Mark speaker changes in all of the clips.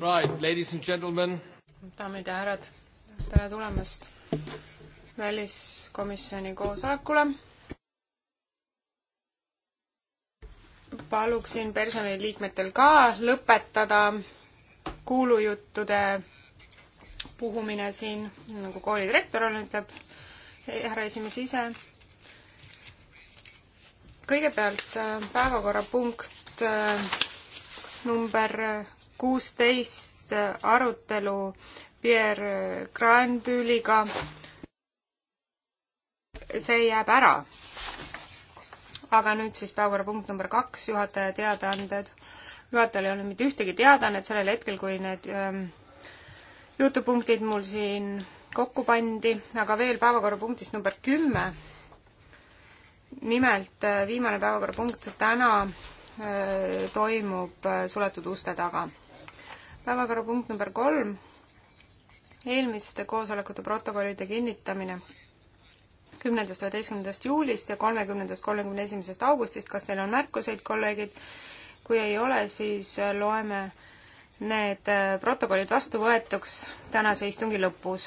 Speaker 1: Right, ladies and gentlemen. daamid ja härrad, tere tulemast väliskomisjoni koosolekule. paluksin personaliliikmetel ka lõpetada kuulujuttude puhumine siin, nagu koolidirektor on, ütleb härra esimees ise. kõigepealt äh, päevakorrapunkt äh, number kuusteist arutelu Pierre Granbüliga, see jääb ära. aga nüüd siis päevakorrapunkt number kaks, juhataja teadaanded. juhatajal ei olnud mitte ühtegi teadaannet sellel hetkel, kui need ähm, jutupunktid mul siin kokku pandi, aga veel päevakorrapunktist number kümme nimelt äh, viimane päevakorrapunkt täna Äh, toimub äh, suletud uste taga. päevakorrapunkt number kolm, eelmiste koosolekute protokollide kinnitamine kümnendast, üheteistkümnendast juulist ja kolmekümnendast, kolmekümne esimesest augustist. kas teil on märkuseid, kolleegid? kui ei ole, siis äh, loeme need protokollid vastuvõetuks tänase istungi lõpus.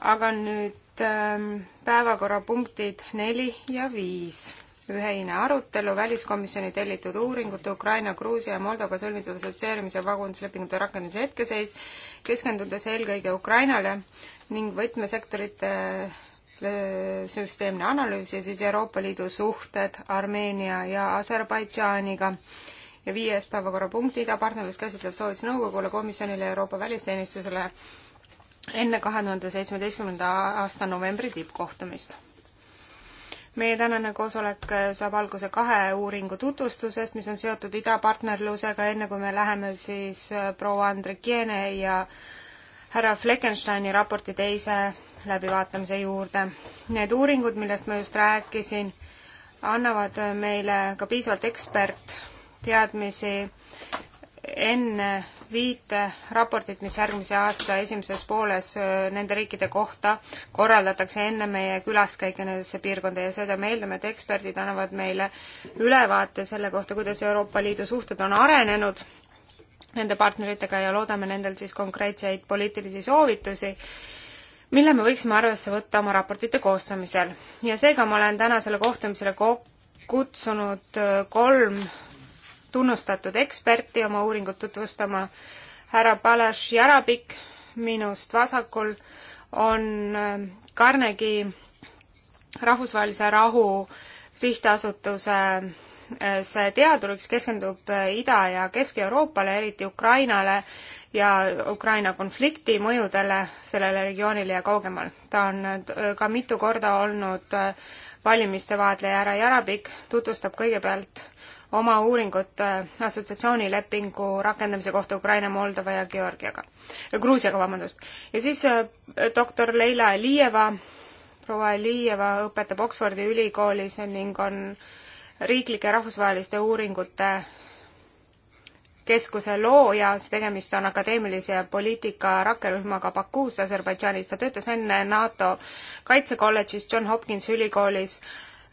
Speaker 1: aga nüüd ähm, päevakorrapunktid neli ja viis ühine arutelu väliskomisjoni tellitud uuringute Ukraina, Gruusia ja Moldova sõlmitud assotsieerimise ja vagunemislepingute rakendamise hetkeseis, keskendudes eelkõige Ukrainale ning võtmesektorite süsteemne analüüs ja siis Euroopa Liidu suhted Armeenia ja Aserbaidžaaniga. ja viies päevakorrapunkt, idapartnerlus käsitleb soovitus nõukogule, komisjonile ja Euroopa välisteenistusele enne kahe tuhande seitsmeteistkümnenda aasta novembri tippkohtumist meie tänane koosolek äh, saab alguse kahe uuringu tutvustusest, mis on seotud idapartnerlusega, enne kui me läheme siis äh, proua Andrikiene ja härra Fleckensteini raporti teise läbivaatamise juurde. Need uuringud, millest ma just rääkisin, annavad äh, meile ka piisavalt ekspertteadmisi enne viite raportit, mis järgmise aasta esimeses pooles äh, nende riikide kohta korraldatakse enne meie külaskäike nendesse piirkonda ja seda me eeldame, et eksperdid annavad meile ülevaate selle kohta, kuidas Euroopa Liidu suhted on arenenud nende partneritega ja loodame nendel siis konkreetseid poliitilisi soovitusi, mille me võiksime arvesse võtta oma raportite koostamisel. ja seega ma olen tänasele kohtumisele kokku kutsunud äh, kolm tunnustatud eksperti oma uuringut tutvustama. härra Palaš Jarabik minust vasakul on äh, Carnegie rahvusvahelise rahu sihtasutuse Äh, see teaduriks keskendub äh, Ida- ja Kesk-Euroopale, eriti Ukrainale ja Ukraina konflikti mõjudele sellele regioonile ja kaugemal. ta on äh, ka mitu korda olnud valimiste vaatleja härra Jarabik, tutvustab kõigepealt oma uuringut assotsiatsioonilepingu rakendamise kohta Ukraina, Moldova ja Georgiaga, Gruusiaga, vabandust. ja siis doktor Leila Liieva, proua Liieva õpetab Oxfordi ülikoolis ning on äh, riiklike rahvusvaheliste uuringute keskuse looja, tegemist on akadeemilise poliitika rakkerühmaga Bakuus Aserbaidžaanis, ta töötas enne NATO kaitsekolledžis John Hopkinsi ülikoolis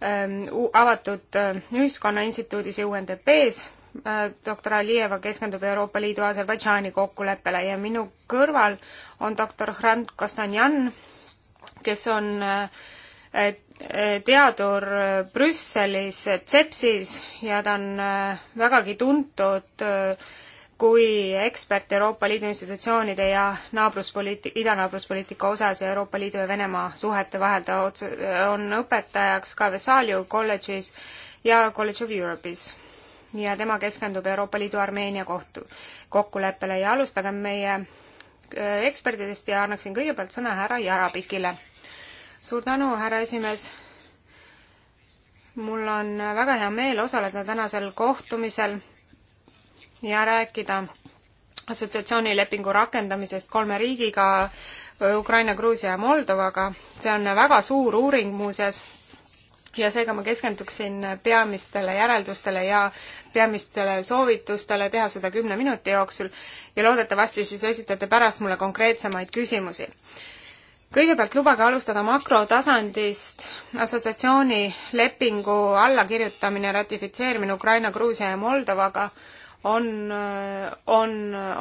Speaker 1: ähm, avatud äh, ühiskonna instituudis ja UNDP-s äh,, doktor Alijeva keskendub Euroopa Liidu Aserbaidžaani kokkuleppele ja minu kõrval on doktor Hrant Kostanjan, kes on äh, teadur Brüsselis, CEPSis ja ta on äh, vägagi tuntud äh, kui ekspert Euroopa Liidu institutsioonide ja naabruspoliitika, idanaabruspoliitika osas ja Euroopa Liidu ja Venemaa suhete vahel. ta otse, on õpetajaks ka Vesalju kolledžis ja College of Europe'is ja tema keskendub Euroopa Liidu Armeenia kohtu, kokkuleppele ja alustagem meie äh, eksperdidest ja annaksin kõigepealt sõna härra Jarabikile suur tänu, härra esimees. mul on väga hea meel osaleda tänasel kohtumisel ja rääkida assotsiatsioonilepingu rakendamisest kolme riigiga, Ukraina, Gruusia ja Moldovaga. see on väga suur uuring muuseas ja seega ma keskenduksin peamistele järeldustele ja peamistele soovitustele teha seda kümne minuti jooksul ja loodetavasti siis esitate pärast mulle konkreetsemaid küsimusi kõigepealt lubage alustada makrotasandist. assotsiatsiooni lepingu allakirjutamine, ratifitseerimine Ukraina, Gruusia ja Moldovaga on, on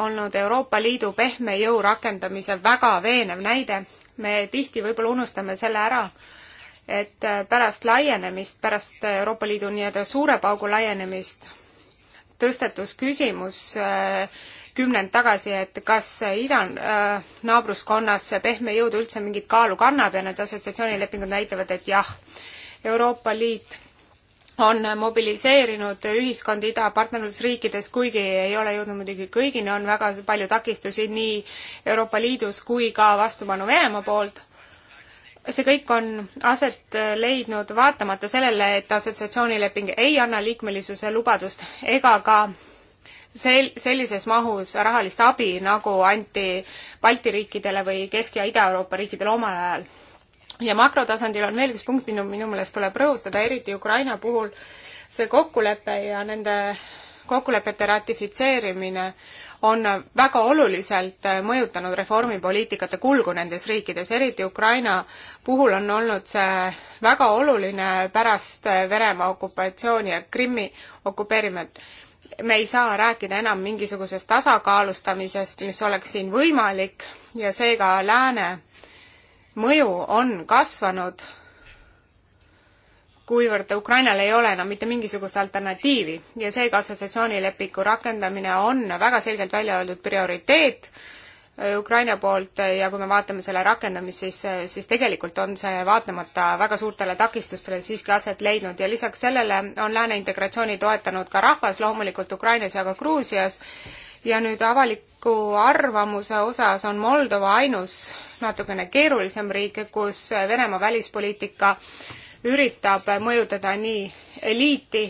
Speaker 1: olnud Euroopa Liidu pehme jõu rakendamise väga veenev näide. me tihti võib-olla unustame selle ära, et pärast laienemist, pärast Euroopa Liidu nii-öelda suure paugu laienemist tõstetus küsimus äh, kümnend tagasi, et kas idanaabruskonnas äh, pehme jõud üldse mingit kaalu kannab ja need assotsiatsioonilepingud näitavad, et jah, Euroopa Liit on mobiliseerinud ühiskond idapartnerlusriikides, kuigi ei ole jõudnud muidugi kõigini, on väga palju takistusi nii Euroopa Liidus kui ka vastupanu Venemaa poolt. see kõik on aset leidnud vaatamata sellele, et assotsiatsioonileping ei anna liikmelisuse lubadust ega ka sel-, sellises mahus rahalist abi, nagu anti Balti riikidele või Kesk- ja Ida-Euroopa riikidele omal ajal. ja makrotasandil on veel üks punkt, minu, minu meelest tuleb rõhustada, eriti Ukraina puhul, see kokkulepe ja nende kokkulepete ratifitseerimine on väga oluliselt mõjutanud reformipoliitikate kulgu nendes riikides, eriti Ukraina puhul on olnud see väga oluline pärast Venemaa okupatsiooni ja Krimmi okupeerimist me ei saa rääkida enam mingisugusest tasakaalustamisest, mis oleks siin võimalik ja seega lääne mõju on kasvanud, kuivõrd Ukrainal ei ole enam mitte mingisugust alternatiivi ja seega assotsiatsioonilepingu rakendamine on väga selgelt välja öeldud prioriteet Äh, Ukraina poolt äh, ja kui me vaatame selle rakendamist, siis, äh, siis tegelikult on see vaatamata väga suurtele takistustele siiski aset leidnud ja lisaks sellele on lääne integratsiooni toetanud ka rahvas, loomulikult Ukrainas ja ka Gruusias. ja nüüd avaliku arvamuse osas on Moldova ainus natukene keerulisem riik, kus Venemaa välispoliitika üritab mõjutada nii eliiti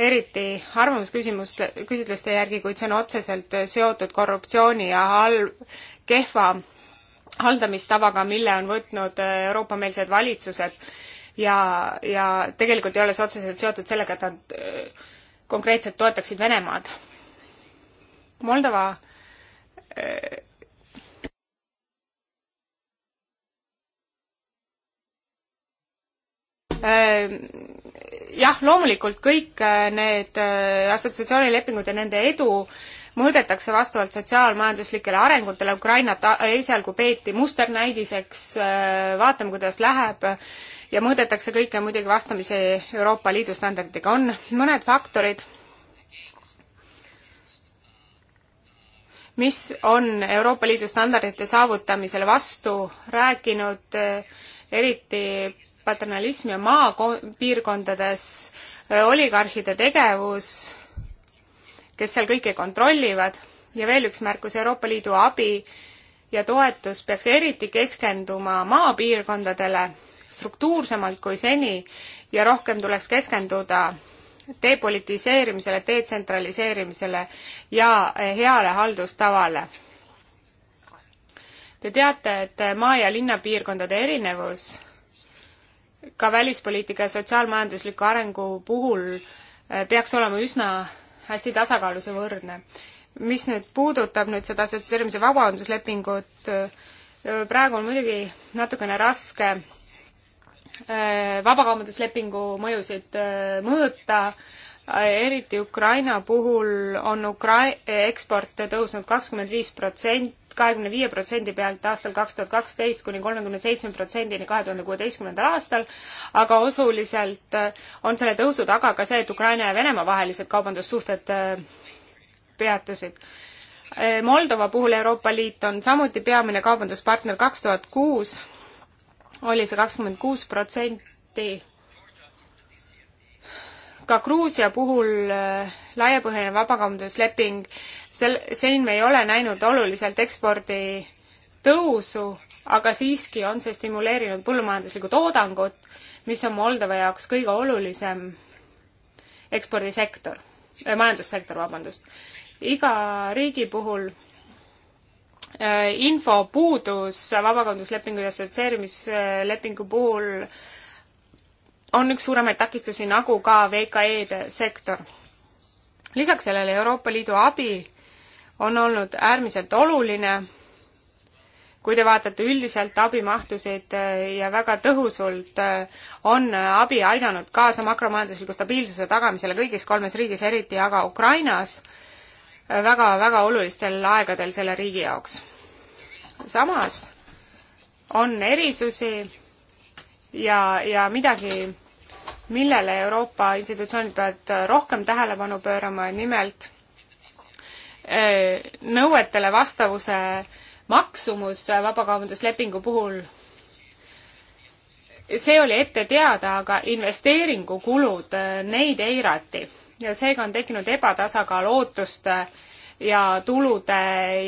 Speaker 1: eriti arvamusküsimuste, küsitluste järgi, kuid see on otseselt seotud korruptsiooni ja halb, kehva haldamistavaga, mille on võtnud Euroopa-meelsed valitsused ja, ja tegelikult ei ole see otseselt seotud sellega, et nad äh, konkreetselt toetaksid Venemaad. Moldova äh, Äh, jah, loomulikult kõik äh, need äh, assotsiatsioonilepingud ja nende edu mõõdetakse vastavalt sotsiaalmajanduslikele arengutele, Ukrainat esialgu peeti musternäidiseks, vaatame, kuidas läheb, ja mõõdetakse kõike muidugi vastamisi Euroopa Liidu standarditega, on mõned faktorid, mis on Euroopa Liidu standardite saavutamisele vastu rääkinud, eriti paternalism ja maapiirkondades oligarhide tegevus, kes seal kõike kontrollivad ja veel üks märkus, Euroopa Liidu abi ja toetus peaks eriti keskenduma maapiirkondadele struktuursemalt kui seni ja rohkem tuleks keskenduda depolitiseerimisele, detsentraliseerimisele ja e, heale haldustavale. Te teate, et maa- ja linnapiirkondade erinevus ka välispoliitika ja sotsiaalmajandusliku arengu puhul äh, peaks olema üsna hästi tasakaalus ja võrdne. mis nüüd puudutab nüüd seda sotsieerimise vabanduslepingut, äh, praegu on muidugi natukene raske äh, vabakaubanduslepingu mõjusid mõõta, eriti Ukraina puhul on Ukra-, eksport tõusnud kakskümmend viis protsenti, kahekümne viie protsendi pealt aastal kaks tuhat kaksteist kuni kolmekümne seitsme protsendini kahe tuhande kuueteistkümnendal aastal, aga osuliselt äh, on selle tõusu taga ka see, et Ukraina ja Venemaa vahelised kaubandussuhted äh, peatusid. Äh, Moldova puhul Euroopa Liit on samuti peamine kaubanduspartner, kaks tuhat kuus oli see kakskümmend kuus protsenti ka Gruusia puhul laiapõhjaline vabakaubandusleping sel-, siin me ei ole näinud oluliselt ekspordi tõusu, aga siiski on see stimuleerinud põllumajanduslikku toodangut, mis on Moldova jaoks kõige olulisem ekspordisektor äh,, majandussektor, vabandust. iga riigi puhul äh, info puudus vabakonduslepingu ja assotsieerimislepingu puhul on üks suuremaid takistusi, nagu ka VKE-de sektor lisaks sellele Euroopa Liidu abi on olnud äärmiselt oluline. kui te vaatate üldiselt abimahtusid äh, ja väga tõhusalt äh, on äh, abi aidanud kaasa makromajandusliku stabiilsuse tagamisele kõigis kolmes riigis, eriti aga Ukrainas väga,, väga-väga olulistel aegadel selle riigi jaoks. samas on erisusi ja, ja midagi, millele Euroopa institutsioonid peavad rohkem tähelepanu pöörama, nimelt nõuetele vastavuse maksumus vabakaubanduslepingu puhul see oli ette teada, aga investeeringukulud, äh, neid eirati ja seega on tekkinud ebatasakaal ootuste ja tulude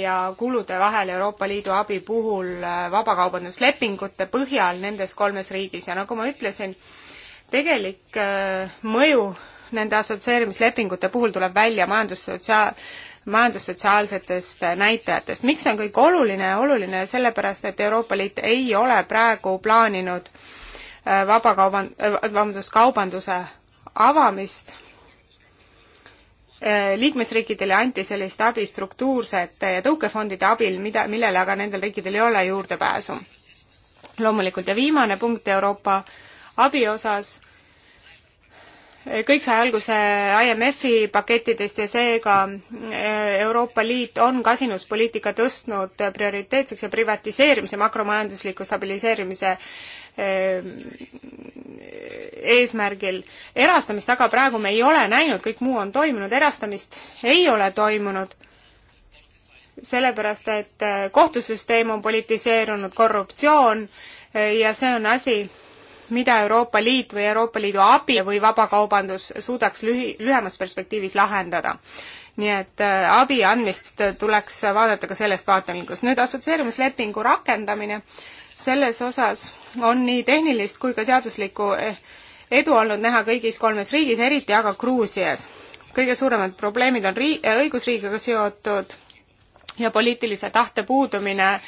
Speaker 1: ja kulude vahel Euroopa Liidu abi puhul äh, vabakaubanduslepingute põhjal nendes kolmes riigis ja nagu ma ütlesin, tegelik äh, mõju nende assotsieerimislepingute puhul tuleb välja majandus-, sotsiaal-, majandussotsiaalsetest näitajatest. miks see on kõik oluline? oluline sellepärast, et Euroopa Liit ei ole praegu plaaninud äh, vabakauban-, äh, vabandust, kaubanduse avamist äh, liikmesriikidele anti sellist abi struktuursete ja tõukefondide abil, mida, millele aga nendel riikidel ei ole juurdepääsu. loomulikult ja viimane punkt Euroopa abi osas kõik sai alguse IMF-i pakettidest ja seega eh, Euroopa Liit on kasinuspoliitika tõstnud prioriteetseks ja privatiseerimise, makromajandusliku stabiliseerimise eh, eesmärgil. erastamist aga praegu me ei ole näinud, kõik muu on toimunud, erastamist ei ole toimunud, sellepärast et eh, kohtusüsteem on politiseerunud, korruptsioon ja see on asi, mida Euroopa Liit või Euroopa Liidu abi või vabakaubandus suudaks lühi, lühemas perspektiivis lahendada. nii et äh, abi andmist tuleks vaadata ka sellest vaatenurgast. nüüd assotsieerimislepingu rakendamine, selles osas on nii tehnilist kui ka seaduslikku eh, edu olnud näha kõigis kolmes riigis, eriti aga Gruusias. kõige suuremad probleemid on rii-, õigusriigiga seotud ja poliitilise tahte puudumine äh,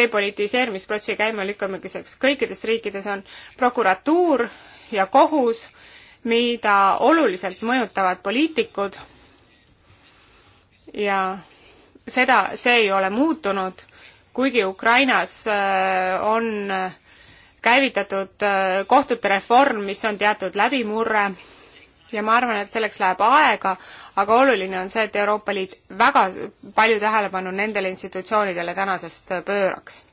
Speaker 1: depolitiseerimisprotsessi käima lükkamiseks. kõikides riikides on prokuratuur ja kohus, mida oluliselt mõjutavad poliitikud ja seda, see ei ole muutunud, kuigi Ukrainas äh, on käivitatud äh, kohtute reform, mis on teatud läbimurre ja ma arvan, et selleks läheb aega, aga oluline on see, et Euroopa Liit väga palju tähelepanu nendele institutsioonidele tänasest pööraks.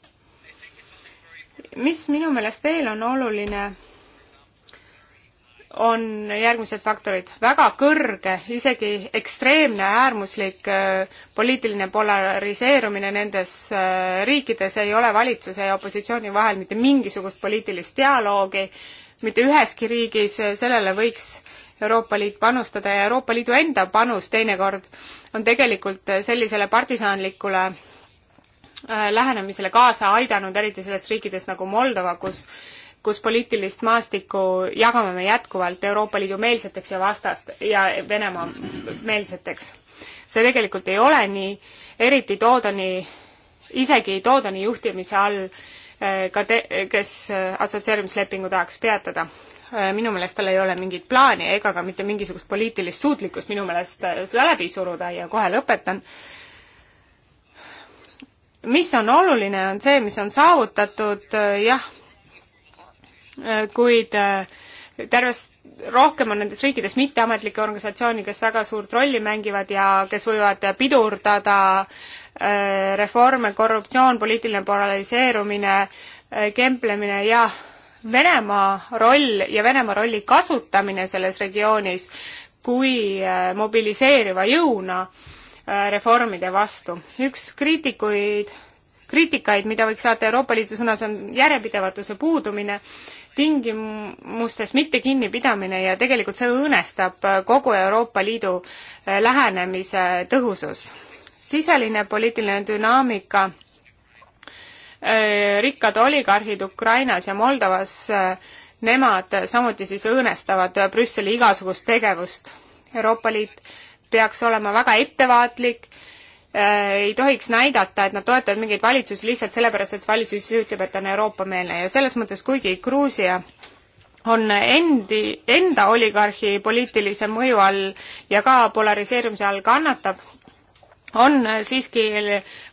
Speaker 1: mis minu meelest veel on oluline, on järgmised faktorid. väga kõrge, isegi ekstreemne äärmuslik äh, poliitiline polariseerumine nendes äh, riikides ei ole valitsuse ja opositsiooni vahel mitte mingisugust poliitilist dialoogi mitte üheski riigis, sellele võiks Euroopa Liit panustada ja Euroopa Liidu enda panus teinekord on tegelikult sellisele partisanlikule äh, lähenemisele kaasa aidanud, eriti sellest riikidest nagu Moldova, kus kus poliitilist maastikku jagame me jätkuvalt Euroopa Liidu meelseteks ja vastast- ja Venemaa meelseteks. see tegelikult ei ole nii, eriti Dodoni, isegi Dodoni juhtimise all ka te-, kes assotsieerimislepingu tahaks peatada. minu meelest tal ei ole mingit plaani ega ka mitte mingisugust poliitilist suutlikkust minu meelest seda läbi suruda ja kohe lõpetan mis on oluline, on see, mis on saavutatud, jah, kuid äh, terves, rohkem on nendes riikides mitteametlikke organisatsioone, kes väga suurt rolli mängivad ja kes võivad pidurdada äh, reforme, korruptsioon, poliitiline polariseerumine, äh, kemplemine ja Venemaa roll ja Venemaa rolli kasutamine selles regioonis kui äh, mobiliseeriva jõuna reformide vastu. üks kriitikuid kriitikaid, mida võiks saata Euroopa Liidu suunas, on järjepidevatuse puudumine, tingimustes mitte kinnipidamine ja tegelikult see õõnestab kogu Euroopa Liidu eh, lähenemise tõhusust. siseline poliitiline dünaamika eh, rikkad oligarhid Ukrainas ja Moldovas, eh, nemad samuti siis õõnestavad Brüsseli igasugust tegevust. Euroopa Liit peaks olema väga ettevaatlik Äh, ei tohiks näidata, et nad toetavad mingeid valitsusi lihtsalt sellepärast, et see valitsus ise ütleb, et ta on Euroopa-meelne ja selles mõttes, kuigi Gruusia on endi, enda oligarhi poliitilise mõju all ja ka polariseerumise all kannatab, on siiski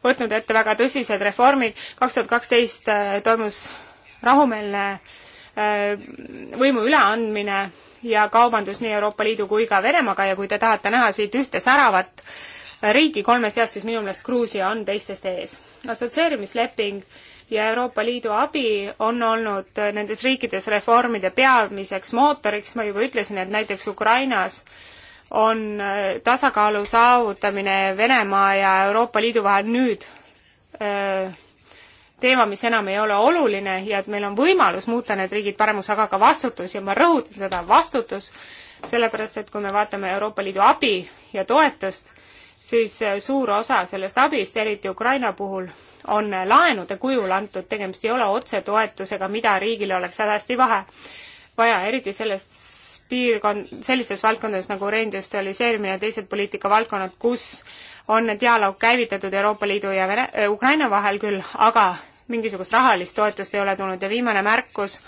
Speaker 1: võtnud ette väga tõsised reformid, kaks tuhat kaksteist äh, toimus rahumeelne äh, võimu üleandmine ja kaubandus nii Euroopa Liidu kui ka Venemaaga ja kui te tahate näha siit ühte säravat riigi kolme seas, siis minu meelest Gruusia on teistest ees. assotsieerimisleping ja Euroopa Liidu abi on olnud nendes riikides reformide peamiseks mootoriks, ma juba ütlesin, et näiteks Ukrainas on äh, tasakaalu saavutamine Venemaa ja Euroopa Liidu vahel nüüd öö, äh, teema, mis enam ei ole oluline ja et meil on võimalus muuta need riigid paremus, aga ka vastutus ja ma rõhutan seda, vastutus, sellepärast et kui me vaatame Euroopa Liidu abi ja toetust, siis eh, suur osa sellest abist, eriti Ukraina puhul, on laenude kujul antud, tegemist ei ole otsetoetusega, mida riigil oleks hädasti vahe, vaja, eriti selles piirkond, sellistes valdkondades nagu reindustrialiseerimine ja teised poliitikavaldkonnad, kus on dialoog käivitatud Euroopa Liidu ja Vene, eh, Ukraina vahel küll, aga mingisugust rahalist toetust ei ole tulnud ja viimane märkus,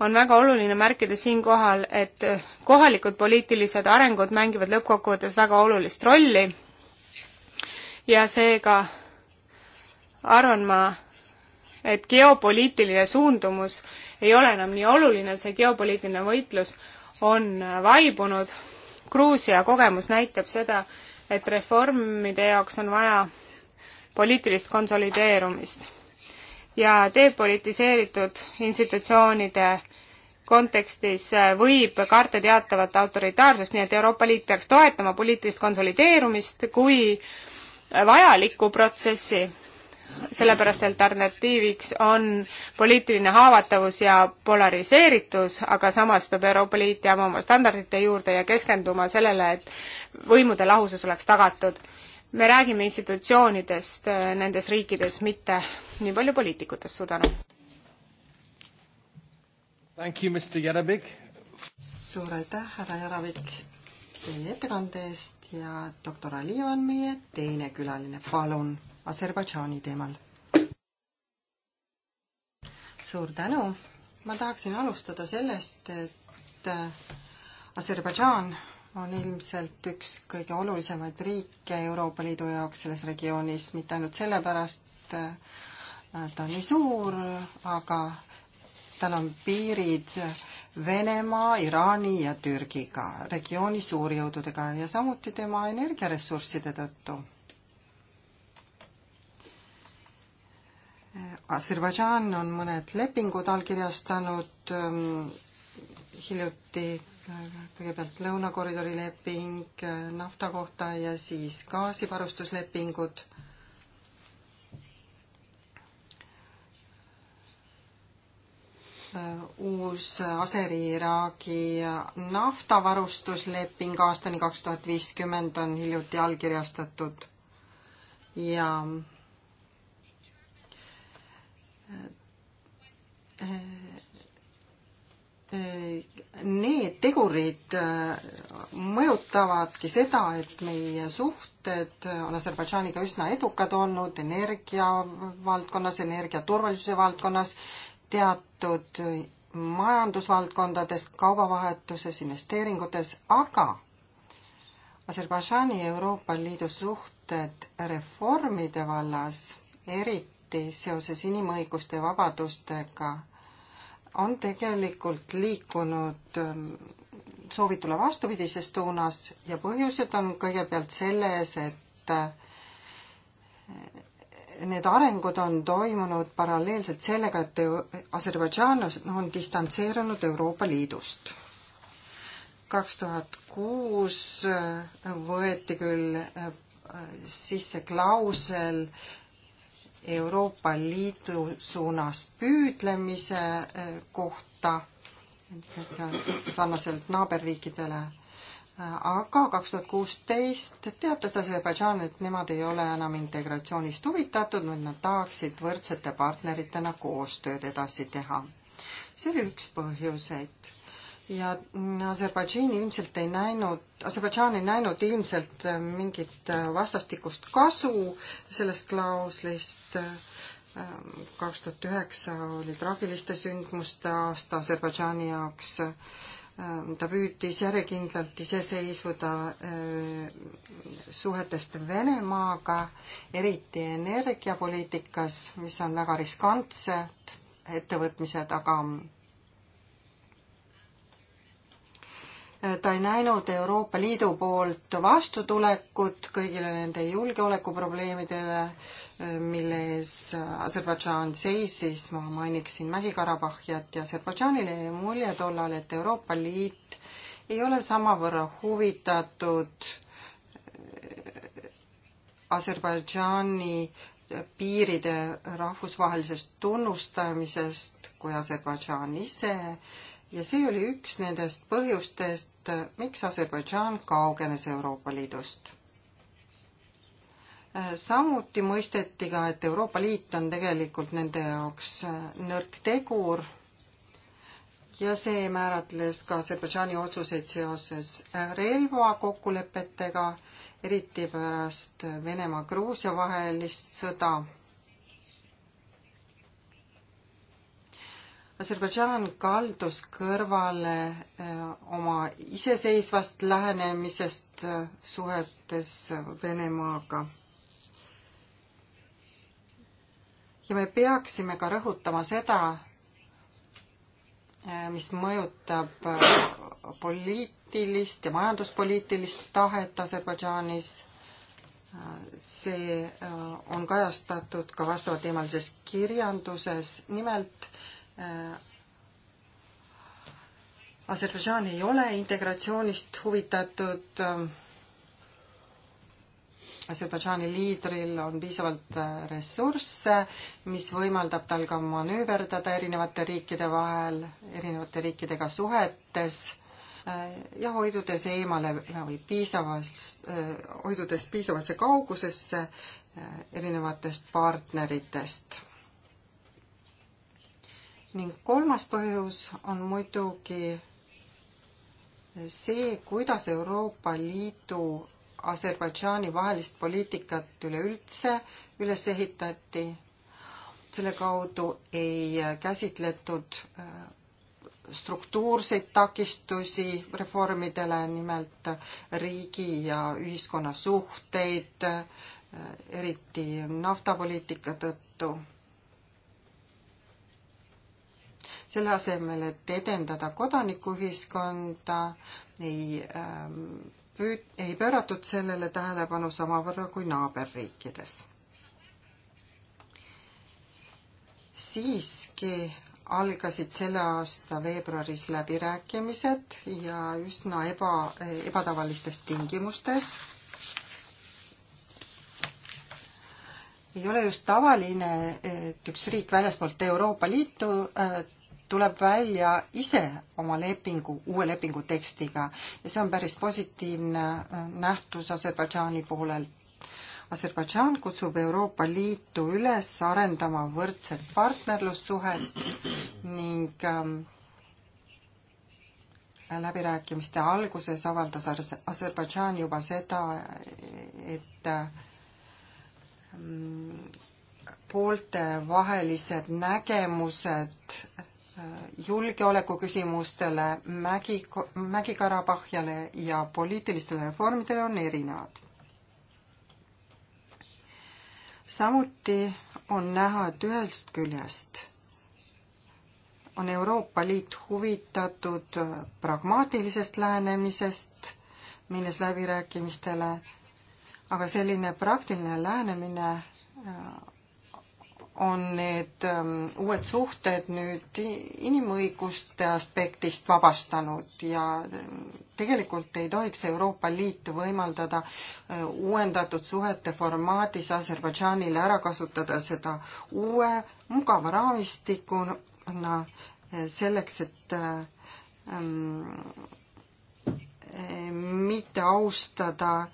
Speaker 1: on väga oluline märkida siinkohal, et kohalikud poliitilised arengud mängivad lõppkokkuvõttes väga olulist rolli ja seega arvan ma, et geopoliitiline suundumus ei ole enam nii oluline, see geopoliitiline võitlus on vaibunud. Gruusia kogemus näitab seda, et reformide jaoks on vaja poliitilist konsolideerumist ja depolitiseeritud institutsioonide kontekstis võib karta teatavat autoritaarsust, nii et Euroopa Liit peaks toetama poliitilist konsolideerumist, kui äh, vajaliku protsessi, sellepärast et alternatiiviks on poliitiline haavatavus ja polariseeritus, aga samas peab Euroopa Liit jääma oma standardite juurde ja keskenduma sellele, et võimude lahusus oleks tagatud. me räägime institutsioonidest äh, nendes riikides, mitte
Speaker 2: nii palju poliitikutest, suur tänu! suur aitäh, härra Jaravik, teie ettekande eest ja doktor Ali on meie teine külaline, palun, Aserbaidžaani teemal. suur tänu, ma tahaksin alustada sellest, et äh, Aserbaidžaan on ilmselt üks kõige olulisemaid riike Euroopa Liidu jaoks selles regioonis, mitte ainult sellepärast, äh, ta on nii suur, aga tal on piirid Venemaa, Iraani ja Türgiga, regiooni suurjõududega ja samuti tema energiaressursside tõttu. Aserbaidžaan on mõned lepingud allkirjastanud ähm, hiljuti, kõigepealt Lõunakoridori leping äh, nafta kohta ja siis gaasivarustuslepingud Äh, uus Aseri Iraagi naftavarustusleping aastani kaks tuhat viiskümmend on hiljuti allkirjastatud ja äh, äh, need tegurid mõjutavadki seda, et meie suhted on Aserbaidžaaniga üsna edukad olnud energia valdkonnas, energiaturvalisuse valdkonnas, teatud majandusvaldkondades, kaubavahetuses, investeeringutes, aga Aserbaidžaani ja Euroopa Liidu suhted reformide vallas, eriti seoses inimõiguste ja vabadustega, on tegelikult liikunud ähm, soovitule vastupidises suunas ja põhjused on kõigepealt selles, et äh, need arengud on toimunud paralleelselt sellega, et Aserbaidžaan on distantseerunud Euroopa Liidust. kaks tuhat kuus äh, võeti küll äh, sisse klausel Euroopa Liidu suunas püüdlemise äh, kohta, sarnaselt naaberriikidele Äh, aga kaks tuhat kuusteist teatas Aserbaidžaan, et nemad ei ole enam integratsioonist huvitatud, vaid nad tahaksid võrdsete partneritena koostööd edasi teha. see oli üks põhjuseid. ja Aserbaidžaan ilmselt ei näinud, Aserbaidžaan ei näinud ilmselt äh, mingit äh, vastastikust kasu sellest klauslist kaks tuhat üheksa oli traagiliste sündmuste aasta Aserbaidžaani jaoks. Ähm, ta püüdis järjekindlalt ise seisvuda äh, suhetest Venemaaga, eriti energiapoliitikas, mis on väga riskantsed ettevõtmised, aga äh, ta ei näinud Euroopa Liidu poolt vastutulekut kõigile nende julgeolekuprobleemidele, mille ees Aserbaidžaan seisis, ma mainiksin Mägi-Karabahhiat ja Aserbaidžaanile jäi mulje tollal, et Euroopa Liit ei ole samavõrra huvitatud äh, Aserbaidžaani piiride rahvusvahelisest tunnustamisest kui Aserbaidžaan ise ja see oli üks nendest põhjustest, miks Aserbaidžaan kaugenes Euroopa Liidust samuti mõisteti ka, et Euroopa Liit on tegelikult nende jaoks äh, nõrk tegur ja see määratles ka Aserbaidžaani otsuseid seoses äh, relvakokkulepetega, eriti pärast Venemaa-Gruusia vahelist sõda. Aserbaidžaan kaldus kõrvale äh, oma iseseisvast lähenemisest suhetes Venemaaga ja me peaksime ka rõhutama seda, eh, mis mõjutab eh, poliitilist ja majanduspoliitilist tahet Aserbaidžaanis. Eh, see on kajastatud ka vastavateemalises kirjanduses, nimelt Aserbaidžaan ei ole integratsioonist huvitatud äh, Aserbaidžaani liidril on piisavalt äh, ressursse, mis võimaldab tal ka manööverdada erinevate riikide vahel, erinevate riikidega suhetes äh, ja hoidudes eemale või piisavas, äh, hoidudes piisavasse kaugusesse erinevatest partneritest. ning kolmas põhjus on muidugi see, kuidas Euroopa Liidu Aserbaidžaani vahelist poliitikat üleüldse üles ehitati. selle kaudu ei käsitletud äh, struktuurseid takistusi reformidele, nimelt riigi ja ühiskonna suhteid, äh, eriti naftapoliitika tõttu selle asemel, et edendada kodanikuühiskonda, ei ähm, püüd-, ei pööratud sellele tähelepanu samavõrra kui naaberriikides. siiski algasid selle aasta veebruaris läbirääkimised ja üsna eba, ebatavalistes tingimustes. ei ole just tavaline, et üks riik väljaspoolt Euroopa Liitu äh, tuleb välja ise oma lepingu, uue lepingu tekstiga ja see on päris positiivne äh, nähtus Aserbaidžaani poolelt. Aserbaidžaan kutsub Euroopa Liitu üles arendama võrdset partnerlussuhet ning ähm, läbirääkimiste alguses avaldas Aserbaidžaan juba seda, et äh, mm, poolte vahelised nägemused julgeolekuküsimustele, Mägi, Mägi-Karabahhale ja poliitilistele reformidele on erinevad. samuti on näha, et ühest küljest on Euroopa Liit huvitatud pragmaatilisest lähenemisest, minnes läbirääkimistele, aga selline praktiline lähenemine on need ähm, uued suhted nüüd inimõiguste aspektist vabastanud ja äh, tegelikult ei tohiks Euroopa Liit võimaldada äh, uuendatud suhete formaadis Aserbaidžaanile ära kasutada seda uue mugava raamistikuna äh, selleks, et ähm, mitte austada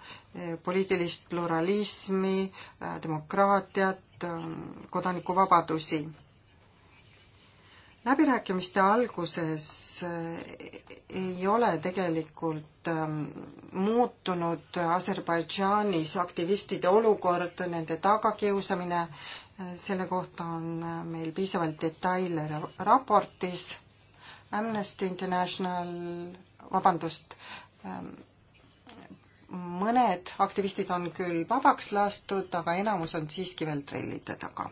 Speaker 2: poliitilist pluralismi, demokraatiat, Ähm, kodanikuvabadusi. läbirääkimiste alguses äh, ei ole tegelikult ähm, muutunud Aserbaidžaanis aktivistide olukord, nende tagakiusamine, äh, selle kohta on äh, meil piisavalt detaile raportis. Amnesty International, vabandust, ähm, mõned aktivistid on küll vabaks lastud, aga enamus on siiski veel trellide taga.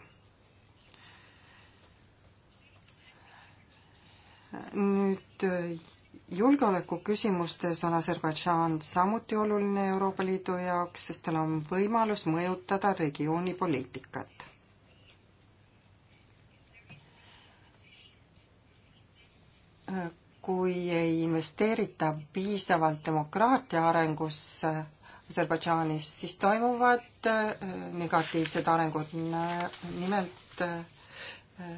Speaker 2: nüüd äh, julgeoleku küsimustes on Aserbaidžaan samuti oluline Euroopa Liidu jaoks, sest tal on võimalus mõjutada regiooni poliitikat. Äh, kui ei investeerita piisavalt demokraatia arengusse Aserbaidžaanis, siis toimuvad äh, negatiivsed arengud, nimelt äh,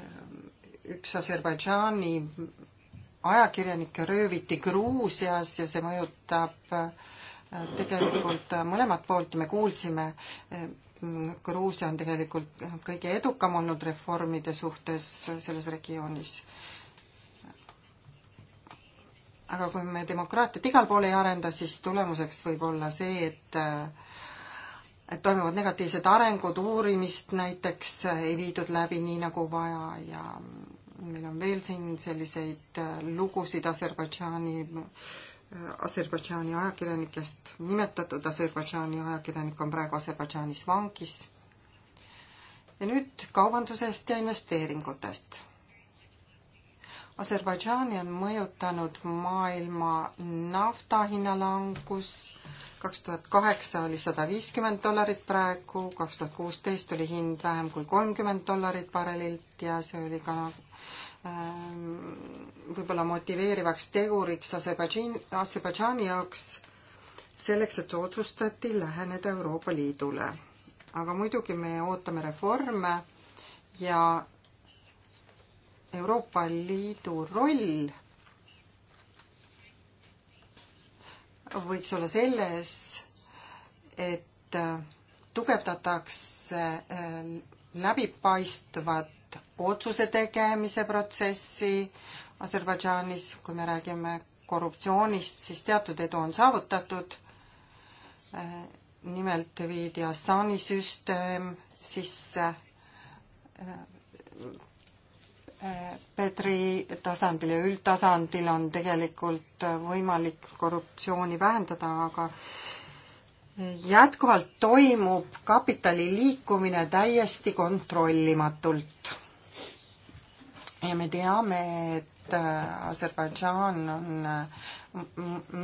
Speaker 2: üks Aserbaidžaani ajakirjanikke rööviti Gruusias ja see mõjutab äh, tegelikult mõlemat poolt ja me kuulsime, Gruusia on tegelikult kõige edukam olnud reformide suhtes selles regioonis aga kui me demokraatiat igal pool ei arenda, siis tulemuseks võib olla see, et et toimuvad negatiivsed arengud, uurimist näiteks ei viidud läbi nii, nagu vaja ja meil on veel siin selliseid lugusid Aserbaidžaani, Aserbaidžaani ajakirjanikest, nimetatud Aserbaidžaani ajakirjanik on praegu Aserbaidžaanis vangis. ja nüüd kaubandusest ja investeeringutest Aserbaidžaani on mõjutanud maailma nafta hinnalangus, kaks tuhat kaheksa oli sada viiskümmend dollarit praegu, kaks tuhat kuusteist oli hind vähem kui kolmkümmend dollarit barrelilt ja see oli ka ähm, võib-olla motiveerivaks teguriks Aserbaidžaani, Aserbaidžaani jaoks selleks, et otsustati läheneda Euroopa Liidule. aga muidugi me ootame reforme ja Euroopa Liidu roll võiks olla selles, et äh, tugevdatakse äh, läbipaistvat otsuse tegemise protsessi Aserbaidžaanis, kui me räägime korruptsioonist, siis teatud edu on saavutatud. Äh, nimelt viidi Assani süsteem sisse Petri tasandil ja üldtasandil on tegelikult võimalik korruptsiooni vähendada, aga jätkuvalt toimub kapitali liikumine täiesti kontrollimatult. ja me teame, et äh, Aserbaidžaan on äh,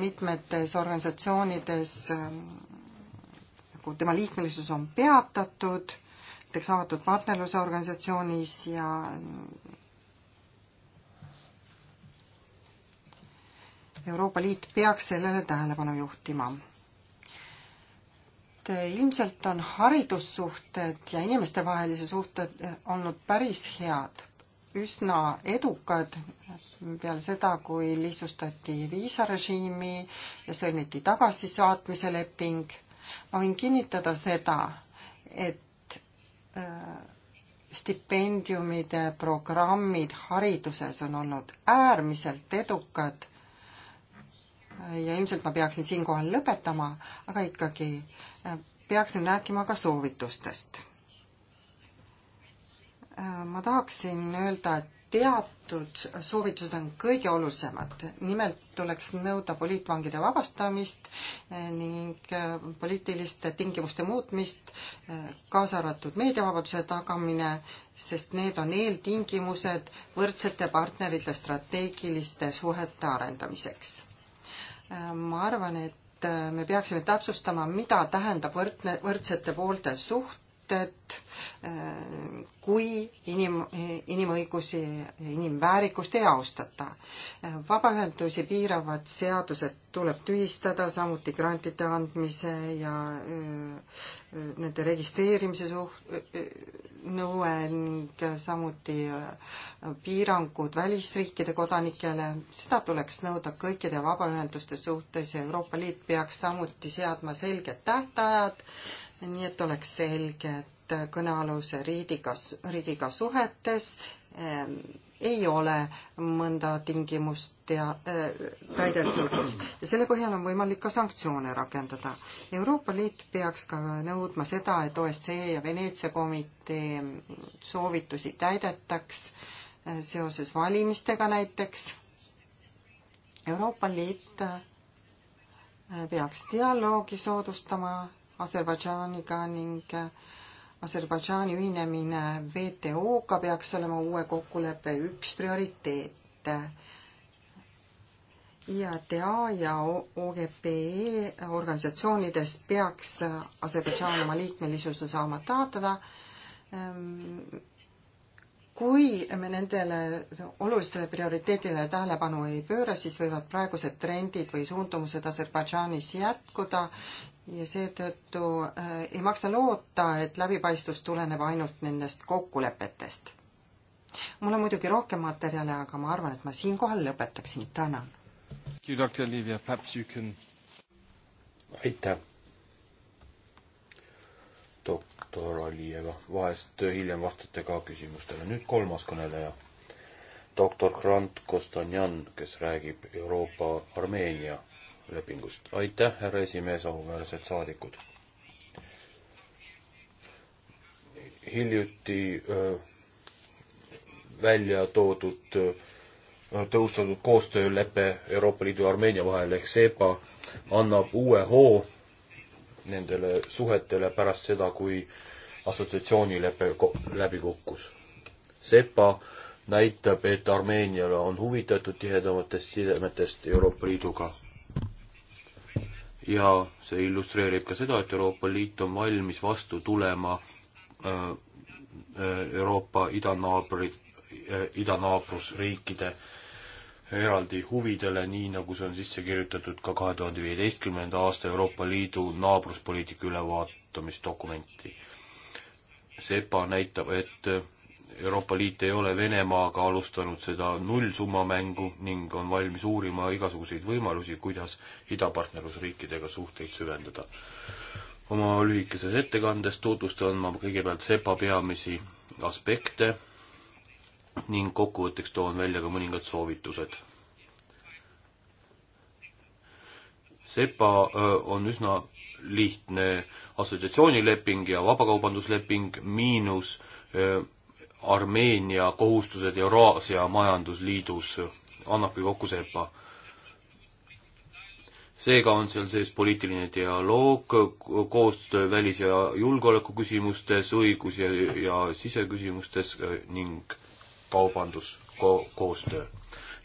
Speaker 2: mitmetes organisatsioonides, äh, nagu tema liikmelisus on peatatud näiteks avatud partnerluse organisatsioonis ja Euroopa Liit peaks sellele tähelepanu juhtima. et ilmselt on haridussuhted ja inimestevahelise suhted eh, olnud päris head, üsna edukad peale seda, kui lihtsustati viisarežiimi ja sõlmiti tagasisaatmise leping. ma võin kinnitada seda, et eh, stipendiumide programmid hariduses on olnud äärmiselt edukad ja ilmselt ma peaksin siinkohal lõpetama, aga ikkagi äh, peaksin rääkima ka soovitustest. Äh, ma tahaksin öelda, et teatud soovitused on kõige olulisemad. nimelt tuleks nõuda poliitvangide vabastamist äh, ning poliitiliste tingimuste muutmist, kaasa arvatud meediavabaduse tagamine, sest need on eeltingimused võrdsete partnerite strateegiliste suhete arendamiseks ma arvan, et äh, me peaksime täpsustama, mida tähendab võrdne, võrdsete poolte suht-, põhimõtet kui inim, inimõigusi, inimväärikust ei austata. vabaühendusi piiravad seadused tuleb tühistada, samuti grantide andmise ja nende registreerimise suht-, nõue ning samuti piirangud välisriikide kodanikele, seda tuleks nõuda kõikide vabaühenduste suhtes ja Euroopa Liit peaks samuti seadma selged tähtajad, nii et oleks selge, et kõnealuse riigiga, riigiga suhetes ehm, ei ole mõnda tingimust tea- äh,, täidetud ja selle põhjal on võimalik ka sanktsioone rakendada. Euroopa Liit peaks ka nõudma seda, et OSCE ja Veneetsia komitee soovitusi täidetaks ehm, seoses valimistega näiteks. Euroopa Liit peaks dialoogi soodustama Aserbaidžaaniga ning äh, Aserbaidžaani ühinemine WTO-ga peaks olema uue kokkuleppe üks prioriteete. IATA ja OGPE organisatsioonides peaks Aserbaidžaan oma liikmelisuse saama taotleda ehm, kui me nendele olulistele prioriteetidele tähelepanu ei pööra, siis võivad praegused trendid või suundumused Aserbaidžaanis jätkuda ja seetõttu äh, ei maksa loota, et läbipaistvus tuleneb ainult nendest kokkulepetest. mul on muidugi rohkem materjale, aga ma arvan, et ma siinkohal lõpetaksin, tänan.
Speaker 3: aitäh. doktor Alijeva, vahest hiljem vastate ka küsimustele, nüüd kolmas kõneleja. doktor Grant Kostanjan, kes räägib Euroopa Armeenia lepingust. aitäh, härra esimees, auväärsed saadikud. hiljuti öö, äh, välja toodud öö, äh, tõustatud koostöölepe Euroopa Liidu ja Armeenia vahel ehk SEPA annab uue hoo nendele suhetele pärast seda, kui assotsiatsioonilepe läbi kukkus. SEPA näitab, et Armeenial on huvitatud tihedamatest sidemetest Euroopa Liiduga ja see illustreerib ka seda, et Euroopa Liit on valmis vastu tulema äh, äh, Euroopa idanaabri, äh, idanaabrusriikide eraldi huvidele, nii nagu see on sisse kirjutatud ka kahe tuhande viieteistkümnenda aasta Euroopa Liidu naabruspoliitika ülevaatamisdokumenti. SEPA näitab, et Euroopa Liit ei ole Venemaaga alustanud seda nullsummamängu ning on valmis uurima igasuguseid võimalusi, kuidas idapartnerlusriikidega suhteid süvendada. oma lühikeses ettekandes tutvustan ma kõigepealt SEPA peamisi aspekte ning kokkuvõtteks toon välja ka mõningad soovitused. SEPA on üsna lihtne assotsiatsioonileping ja vabakaubandusleping miinus Armeenia kohustused Euraasia majandusliidus, annabki kokku sepa. seega on seal sees poliitiline dialoog, koostöö välis- ja julgeolekuküsimustes, õigus- ja, ja siseküsimustes ning kaubanduskoostöö.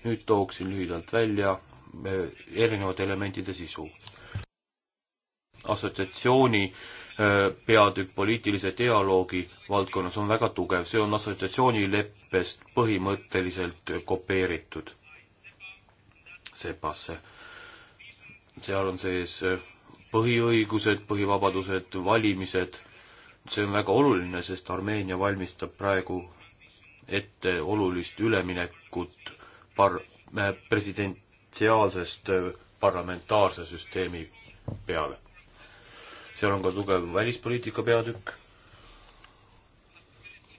Speaker 3: nüüd tooksin lühidalt välja eh, erinevate elementide sisu. assotsiatsiooni äh, Äh, peatükk poliitilise dialoogi valdkonnas on väga tugev, see on assotsiatsioonileppest põhimõtteliselt kopeeritud sepasse. seal on sees äh, põhiõigused, põhivabadused, valimised, see on väga oluline, sest Armeenia valmistab praegu ette olulist üleminekut par-, äh, presidentsiaalsest parlamentaarse süsteemi peale seal on ka tugev välispoliitika peatükk,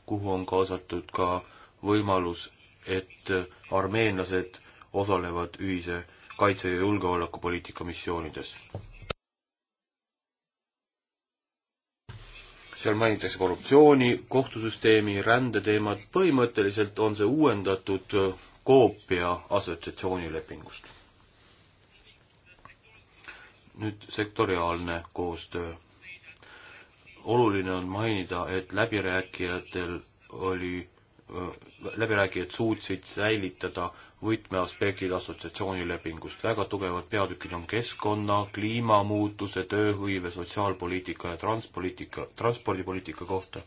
Speaker 3: kuhu on kaasatud ka võimalus, et armeenlased osalevad ühise kaitse- ja julgeolekupoliitika missioonides. seal mainitakse korruptsiooni, kohtusüsteemi, rändeteemat, põhimõtteliselt on see uuendatud koopia assotsiatsioonilepingust nüüd sektoriaalne koostöö. oluline on mainida, et läbirääkijatel oli, läbirääkijad suutsid säilitada võtmeaspektid assotsiatsioonilepingust. väga tugevad peatükid on keskkonna, kliimamuutuse, tööhõive, sotsiaalpoliitika ja transpoliitika, transpordipoliitika kohta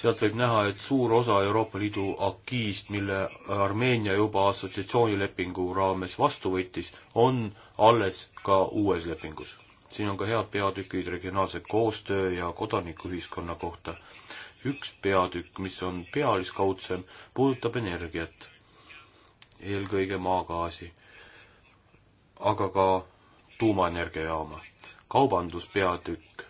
Speaker 3: sealt võib näha, et suur osa Euroopa Liidu akiist, mille Armeenia juba assotsiatsioonilepingu raames vastu võttis, on alles ka uues lepingus. siin on ka head peatükid regionaalse koostöö ja kodanikuühiskonna kohta. üks peatükk, mis on pealiskaudsem, puudutab energiat, eelkõige maagaasi, aga ka tuumaenergiajaama. kaubanduspeatükk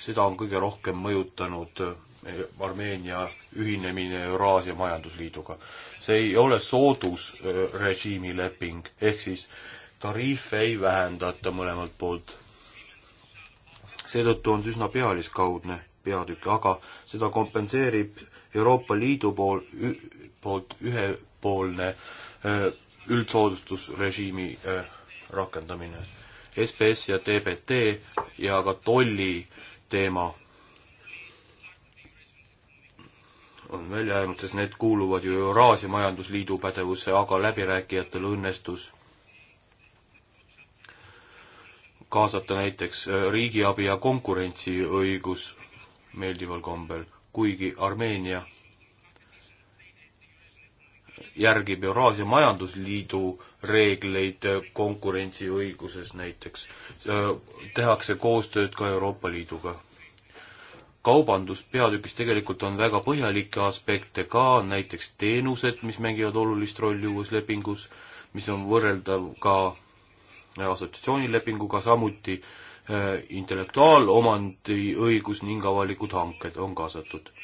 Speaker 3: seda on kõige rohkem mõjutanud eh, Armeenia ühinemine Euraasia Majandusliiduga. see ei ole soodusrežiimi eh, leping, ehk siis tariife ei vähendata mõlemalt poolt. seetõttu on see üsna pealiskaudne peatükk, aga seda kompenseerib Euroopa Liidu pool, poolt ühepoolne eh, üldsoodustusrežiimi rakendamine. SBS ja TBT ja ka tolli teema on välja jäänud, sest need kuuluvad ju Euraasia Majandusliidu pädevusse, aga läbirääkijatel õnnestus kaasata näiteks riigiabi ja konkurentsiõigus meeldival kombel, kuigi Armeenia järgib Euraasia Majandusliidu reegleid konkurentsiõiguses näiteks. Äh, tehakse koostööd ka Euroopa Liiduga. kaubanduspeatükis tegelikult on väga põhjalikke aspekte ka, näiteks teenused, mis mängivad olulist rolli uues lepingus, mis on võrreldav ka assotsiatsioonilepinguga, samuti äh, intellektuaalomandi õigus ning avalikud hanked on kaasatud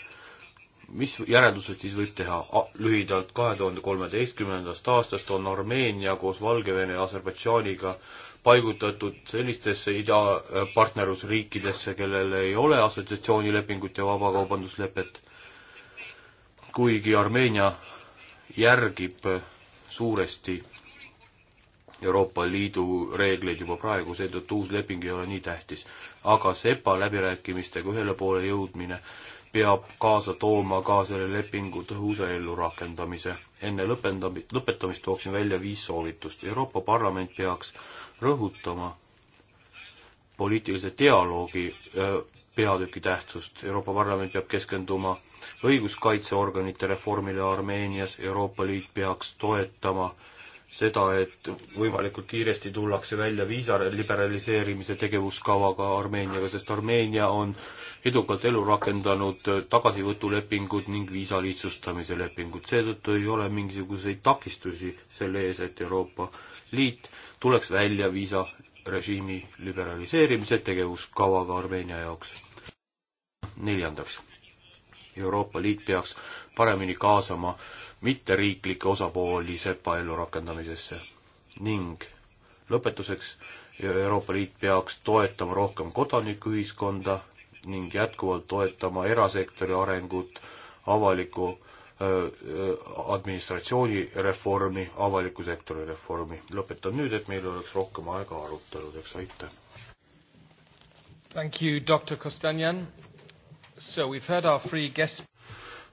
Speaker 3: mis järeldused siis võib teha? lühidalt, kahe tuhande kolmeteistkümnendast aastast on Armeenia koos Valgevene ja Aserbaidžaaniga paigutatud sellistesse idapartnerlusriikidesse, kellel ei ole assotsiatsioonilepingut ja vabakaubanduslepet, kuigi Armeenia järgib suuresti Euroopa Liidu reegleid juba praegu, seetõttu uus leping ei ole nii tähtis. aga SEPA läbirääkimistega ühele poole jõudmine äh, peab kaasa tooma ka selle lepingu tõhusa ellurakendamise. enne lõpendami-, lõpetamist tooksin välja viis soovitust. Euroopa Parlament peaks rõhutama poliitilise dialoogi peatüki tähtsust. Euroopa Parlament peab keskenduma õiguskaitseorganite reformile Armeenias, Euroopa Liit peaks toetama äh, seda, et võimalikult kiiresti tullakse välja viisa liberaliseerimise tegevuskavaga Armeeniaga, sest Armeenia on edukalt elu rakendanud tagasivõtulepingud ning viisa lihtsustamise lepingud. seetõttu ei ole mingisuguseid takistusi selle ees, et Euroopa Liit tuleks välja viisarežiimi liberaliseerimise tegevuskavaga Armeenia jaoks. neljandaks, Euroopa Liit peaks paremini kaasama mitteriiklikke osapooli SEPA ellurakendamisesse ning lõpetuseks Euroopa Liit peaks toetama rohkem kodanikuühiskonda ning jätkuvalt toetama erasektori arengut, avaliku öö, administratsiooni reformi, avaliku sektori reformi. lõpetan nüüd, et meil oleks rohkem aega aruteludeks, aitäh!
Speaker 2: Thank you, Dr Kostanjan. So we've heard our three guests.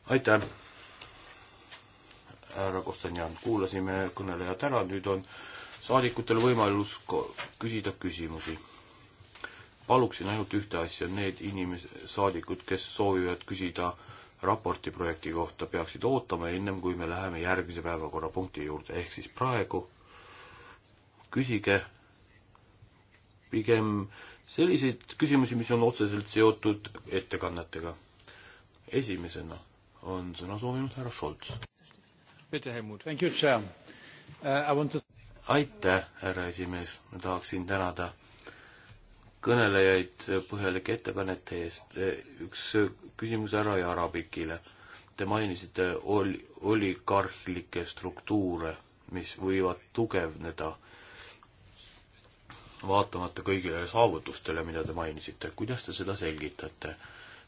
Speaker 3: aitäh! härra Kostanjan, kuulasime kõnelejad ära, nüüd on saadikutel võimalus küsida küsimusi. paluksin ainult ühte asja, need inimesed, saadikud, kes soovivad küsida raporti projekti kohta, peaksid ootama ennem, kui me läheme järgmise päevakorrapunkti juurde, ehk siis praegu küsige pigem selliseid küsimusi, mis on otseselt seotud ettekannetega. esimesena on sõna soovinud härra Scholz. Peeter Helmut. Uh, to... aitäh, härra esimees, ma tahaksin tänada kõnelejaid põhjalike ettekannete eest. üks küsimus härra Jarabikile. Te mainisite ol-, oligarhlikke struktuure, mis võivad tugevneda vaatamata kõigile saavutustele, mida te mainisite. kuidas te seda selgitate?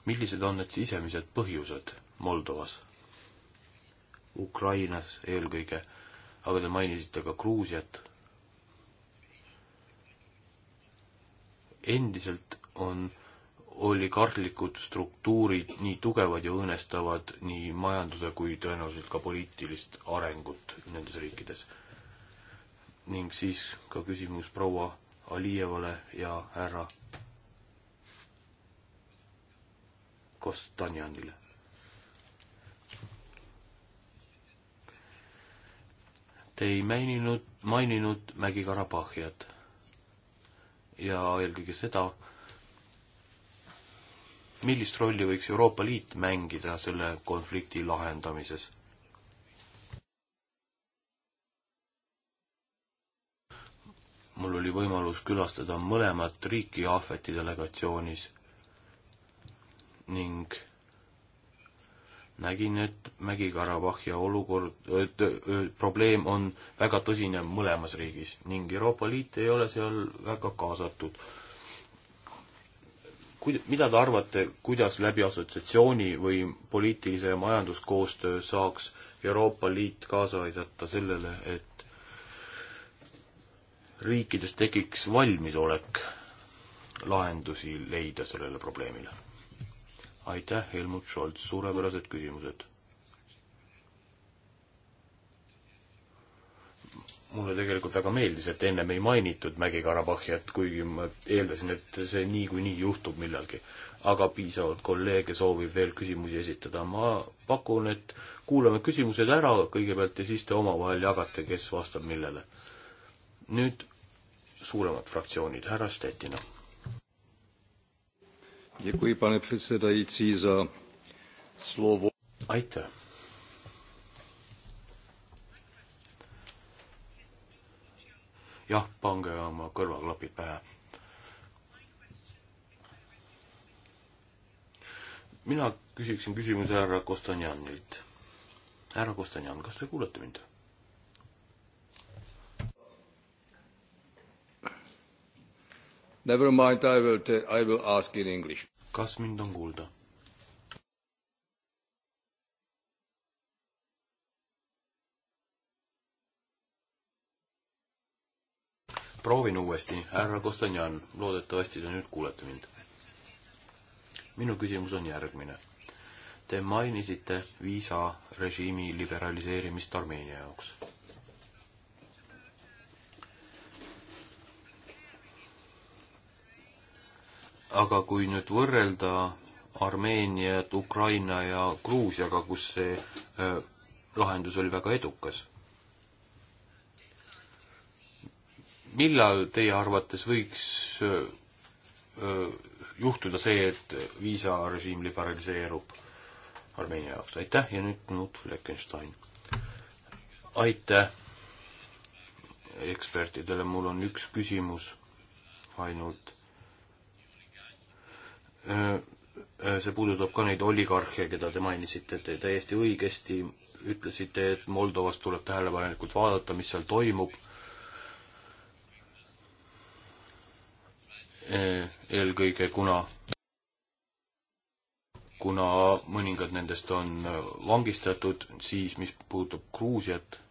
Speaker 3: millised on need sisemised põhjused Moldovas? Ukrainas eelkõige, aga te mainisite ka Gruusiat. endiselt on oligarhlikud struktuurid nii tugevad ja õõnestavad nii majanduse kui tõenäoliselt ka poliitilist arengut nendes riikides. ning siis ka küsimus proua Alijevale ja härra Kostanjanile Te ei maininud, maininud Mägi-Karabahhiat ja eelkõige seda, millist rolli võiks Euroopa Liit mängida selle konflikti lahendamises? mul oli võimalus külastada mõlemat riiki Ahveti delegatsioonis ning nägin, et Mägi-Karabahhia olukord, probleem on väga tõsine mõlemas riigis ning Euroopa Liit ei ole seal väga kaasatud. Kuid-, mida te arvate, kuidas läbi assotsiatsiooni või poliitilise ja majanduskoostöö saaks Euroopa Liit kaasa aidata sellele, et riikides tekiks valmisolek lahendusi leida sellele probleemile? aitäh, Helmut Scholz, suurepärased küsimused. mulle tegelikult väga meeldis, et ennem ei mainitud Mägi-Karabahhi, et kuigi ma eeldasin, et see niikuinii nii juhtub millalgi. aga piisavalt kolleege soovib veel küsimusi esitada. ma pakun, et kuulame küsimused ära kõigepealt ja siis te omavahel jagate, kes vastab millele. nüüd suuremad fraktsioonid, härra Stettina Děkuji, pane předsedající, za slovo. Aitäh. jah, pange oma kõrvaklapid pähe. mina küsiksin küsimuse härra Kostanjanilt. härra Kostanjan, kas te kuulete mind? Never mind, I will, I will ask in english. kas mind on kuulda? proovin uuesti, härra Kostanjan, loodetavasti te nüüd kuulete mind. minu küsimus on järgmine. Te mainisite viisarežiimi liberaliseerimist Armeenia jaoks aga kui nüüd võrrelda Armeeniat, Ukraina ja Gruusiaga, kus see äh, lahendus oli väga edukas, millal teie arvates võiks äh, äh, juhtuda see, et viisarežiim liberaliseerub Armeenia jaoks? aitäh ja nüüd Knut Fleckenstein. aitäh ekspertidele, mul on üks küsimus ainult Äh, äh, see puudutab ka neid oligarhe, keda te mainisite, te täiesti õigesti ütlesite, et Moldovas tuleb tähelepanelikult vaadata, mis seal toimub. Äh, eelkõige kuna, kuna mõningad nendest on vangistatud, siis mis puudutab Gruusiat,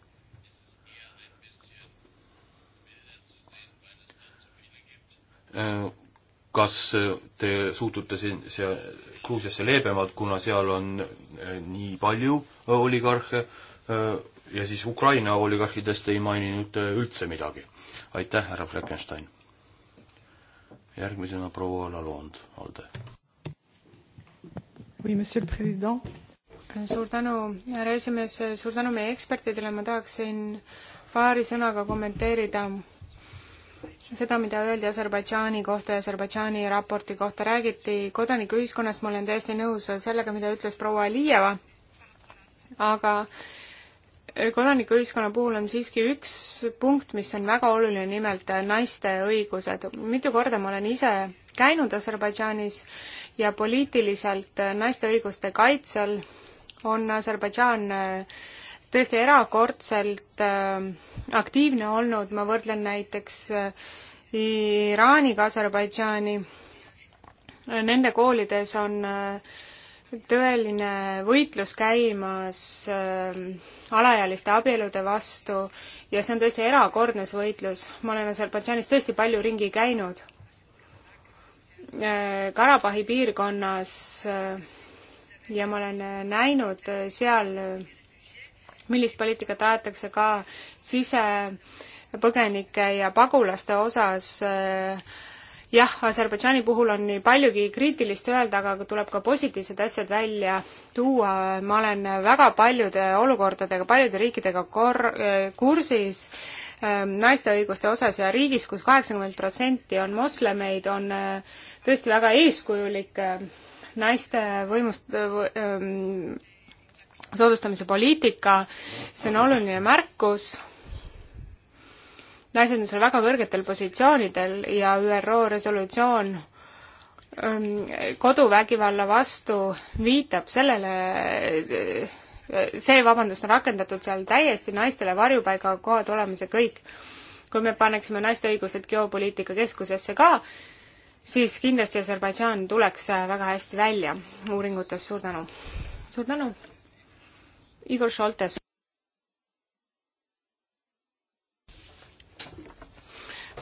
Speaker 3: kas te suhtute siin see Gruusiasse leebemalt, kuna seal on äh, nii palju äh, oligarhe äh, ja siis Ukraina oligarhidest ei maininud üldse midagi. aitäh, härra Fleckenstein. järgmisena proua Lalond, Alde.
Speaker 1: Oui, monsieur le président. suur tänu, härra esimees, suur tänu meie ekspertidele, ma tahaksin paari sõnaga kommenteerida seda, mida öeldi Aserbaidžaani kohta ja Aserbaidžaani raporti kohta, räägiti kodanikuühiskonnast, ma olen täiesti nõus sellega, mida ütles proua Alijeva, aga kodanikuühiskonna puhul on siiski üks punkt, mis on väga oluline, nimelt naiste õigused. mitu korda ma olen ise käinud Aserbaidžaanis ja poliitiliselt naiste õiguste kaitsel on Aserbaidžaan tõesti erakordselt äh, aktiivne olnud, ma võrdlen näiteks äh, Iraaniga, Aserbaidžaani. Nende koolides on äh, tõeline võitlus käimas äh, alaealiste abielude vastu ja see on tõesti erakordne see võitlus. ma olen Aserbaidžaanis tõesti palju ringi käinud äh,. Karabahhi piirkonnas äh, ja ma olen äh, näinud seal äh, millist poliitikat aetakse ka sisepõgenike ja pagulaste osas. jah, Aserbaidžaani puhul on nii paljugi kriitilist öelda, aga tuleb ka positiivsed asjad välja tuua. ma olen väga paljude olukordadega, paljude riikidega kor-, kursis ähm, naiste õiguste osas ja riigis kus, kus kaheksakümmend protsenti on moslemeid, on äh, tõesti väga eeskujulik äh, naiste võimust, äh, ähm, soodustamise poliitika, see on oluline märkus, naised on seal väga kõrgetel positsioonidel ja ÜRO resolutsioon ähm, koduvägivalla vastu viitab sellele, äh, see, vabandust, on rakendatud seal täiesti naistele varjupaigakohad olemas ja kõik. kui me paneksime naiste õigused geopoliitika keskusesse ka, siis kindlasti Aserbaidžaan tuleks äh, väga hästi välja uuringutes, suur tänu! suur tänu! Igor Šoltes.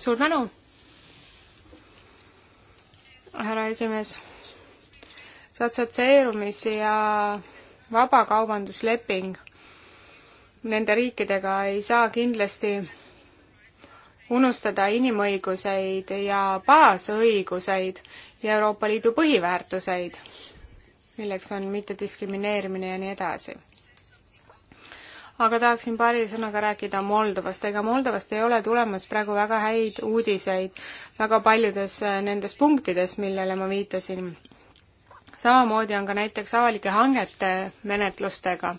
Speaker 1: suur tänu, härra esimees. see assotsieerumis ja vabakaubandusleping nende riikidega ei saa kindlasti unustada inimõiguseid ja baasõiguseid ja Euroopa Liidu põhiväärtuseid, milleks on mittediskrimineerimine ja nii edasi aga tahaksin paari sõnaga rääkida Moldovast. ega Moldovast ei ole tulemas praegu väga häid uudiseid väga paljudes äh, nendes punktides, millele ma viitasin. samamoodi on ka näiteks avalike hangete menetlustega.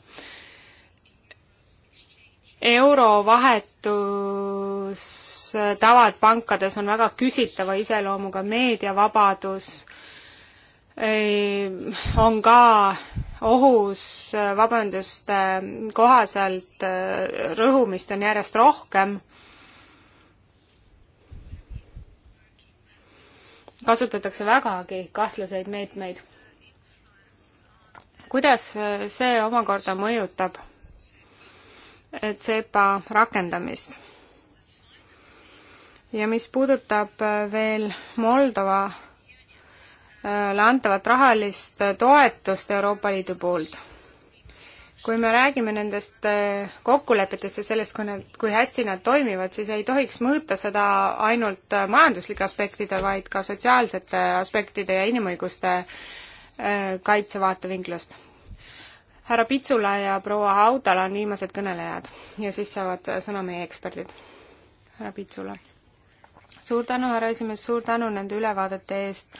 Speaker 1: eurovahetustavad pankades on väga küsitava iseloomuga, meediavabadus eh, on ka ohus vabanduste kohaselt äh, rõhumist on järjest rohkem. kasutatakse vägagi kahtlaseid meetmeid. kuidas äh, see omakorda mõjutab e CEPA rakendamist? ja mis puudutab äh, veel Moldova Äh, antavat rahalist äh, toetust Euroopa Liidu poolt. kui me räägime nendest äh, kokkulepetest ja sellest, kui need, kui hästi nad toimivad, siis ei tohiks mõõta seda ainult majanduslike aspektide, vaid ka sotsiaalsete aspektide ja inimõiguste kaitse vaatevinklust. härra Pitsula ja proua Haudala on viimased kõnelejad ja siis saavad sõna meie eksperdid. härra Pitsula. suur tänu, härra esimees, suur tänu nende ülevaadete eest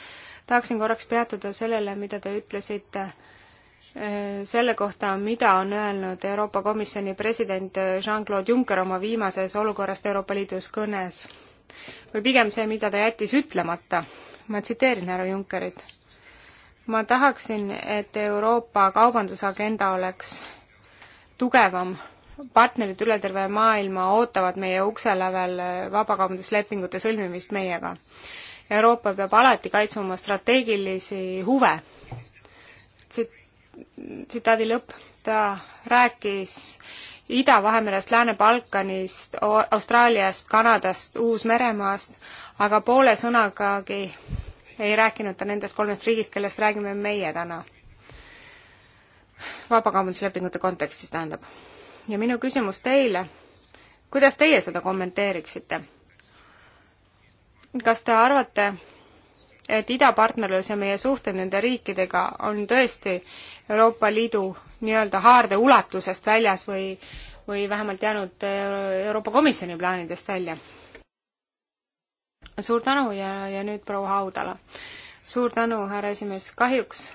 Speaker 1: tahaksin korraks peatuda sellele, mida te ütlesite eh, selle kohta, mida on öelnud Euroopa Komisjoni president eh, Jean-Claude Juncker oma viimases olukorrast Euroopa Liidus kõnes. või pigem see, mida ta jättis ütlemata. ma tsiteerin härra Junckerit. ma tahaksin, et Euroopa kaubandusagenda oleks tugevam partnerid üle terve maailma ootavad meie ukse lävel eh, vabakaubanduslepingute sõlmimist meiega. Euroopa peab alati kaitsma oma strateegilisi huve. tsitaadi lõpp, ta rääkis Ida-Vahemerest, Lääne-Balkanist, Austraaliast, Kanadast, Uus-Meremaast, aga poole sõnagagi ei rääkinud ta nendest kolmest riigist, kellest räägime meie täna. vabakaubanduslepingute kontekstis tähendab. ja minu küsimus teile, kuidas teie seda kommenteeriksite? kas te arvate, et idapartnerlus ja meie suhted nende riikidega on tõesti Euroopa Liidu nii-öelda haarde ulatusest väljas või, või vähemalt jäänud äh, Euroopa Komisjoni plaanidest välja? suur tänu ja, ja nüüd proua Haudala. suur tänu, härra esimees, kahjuks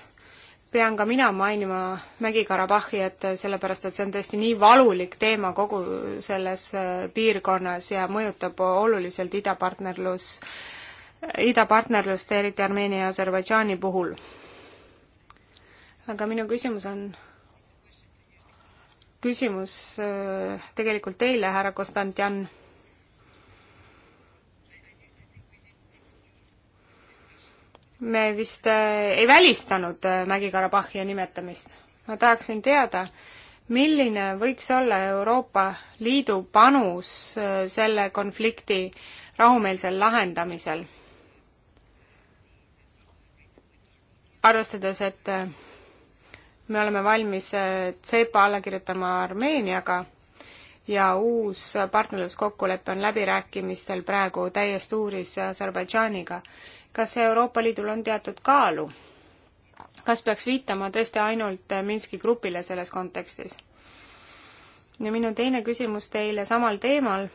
Speaker 1: pean ka mina mainima Mägi-Karabahhi, et sellepärast, et see on tõesti nii valulik teema kogu selles äh, piirkonnas ja mõjutab oluliselt idapartnerlus, idapartnerlust, eriti Armeenia ja Aserbaidžaani puhul. aga minu küsimus on, küsimus äh, tegelikult teile, härra Konstantin me vist äh, ei välistanud äh, Mägi-Karabahhi nimetamist. ma tahaksin teada, milline võiks olla Euroopa Liidu panus äh, selle konflikti rahumeelsel lahendamisel? arvestades, et me oleme valmis CEPA alla kirjutama Armeeniaga ja uus partnerluskokkulepe on läbirääkimistel praegu täies tuuris Aserbaidžaaniga, kas Euroopa Liidul on teatud kaalu? kas peaks viitama tõesti ainult eh, Minski grupile selles kontekstis? ja minu teine küsimus teile samal teemal.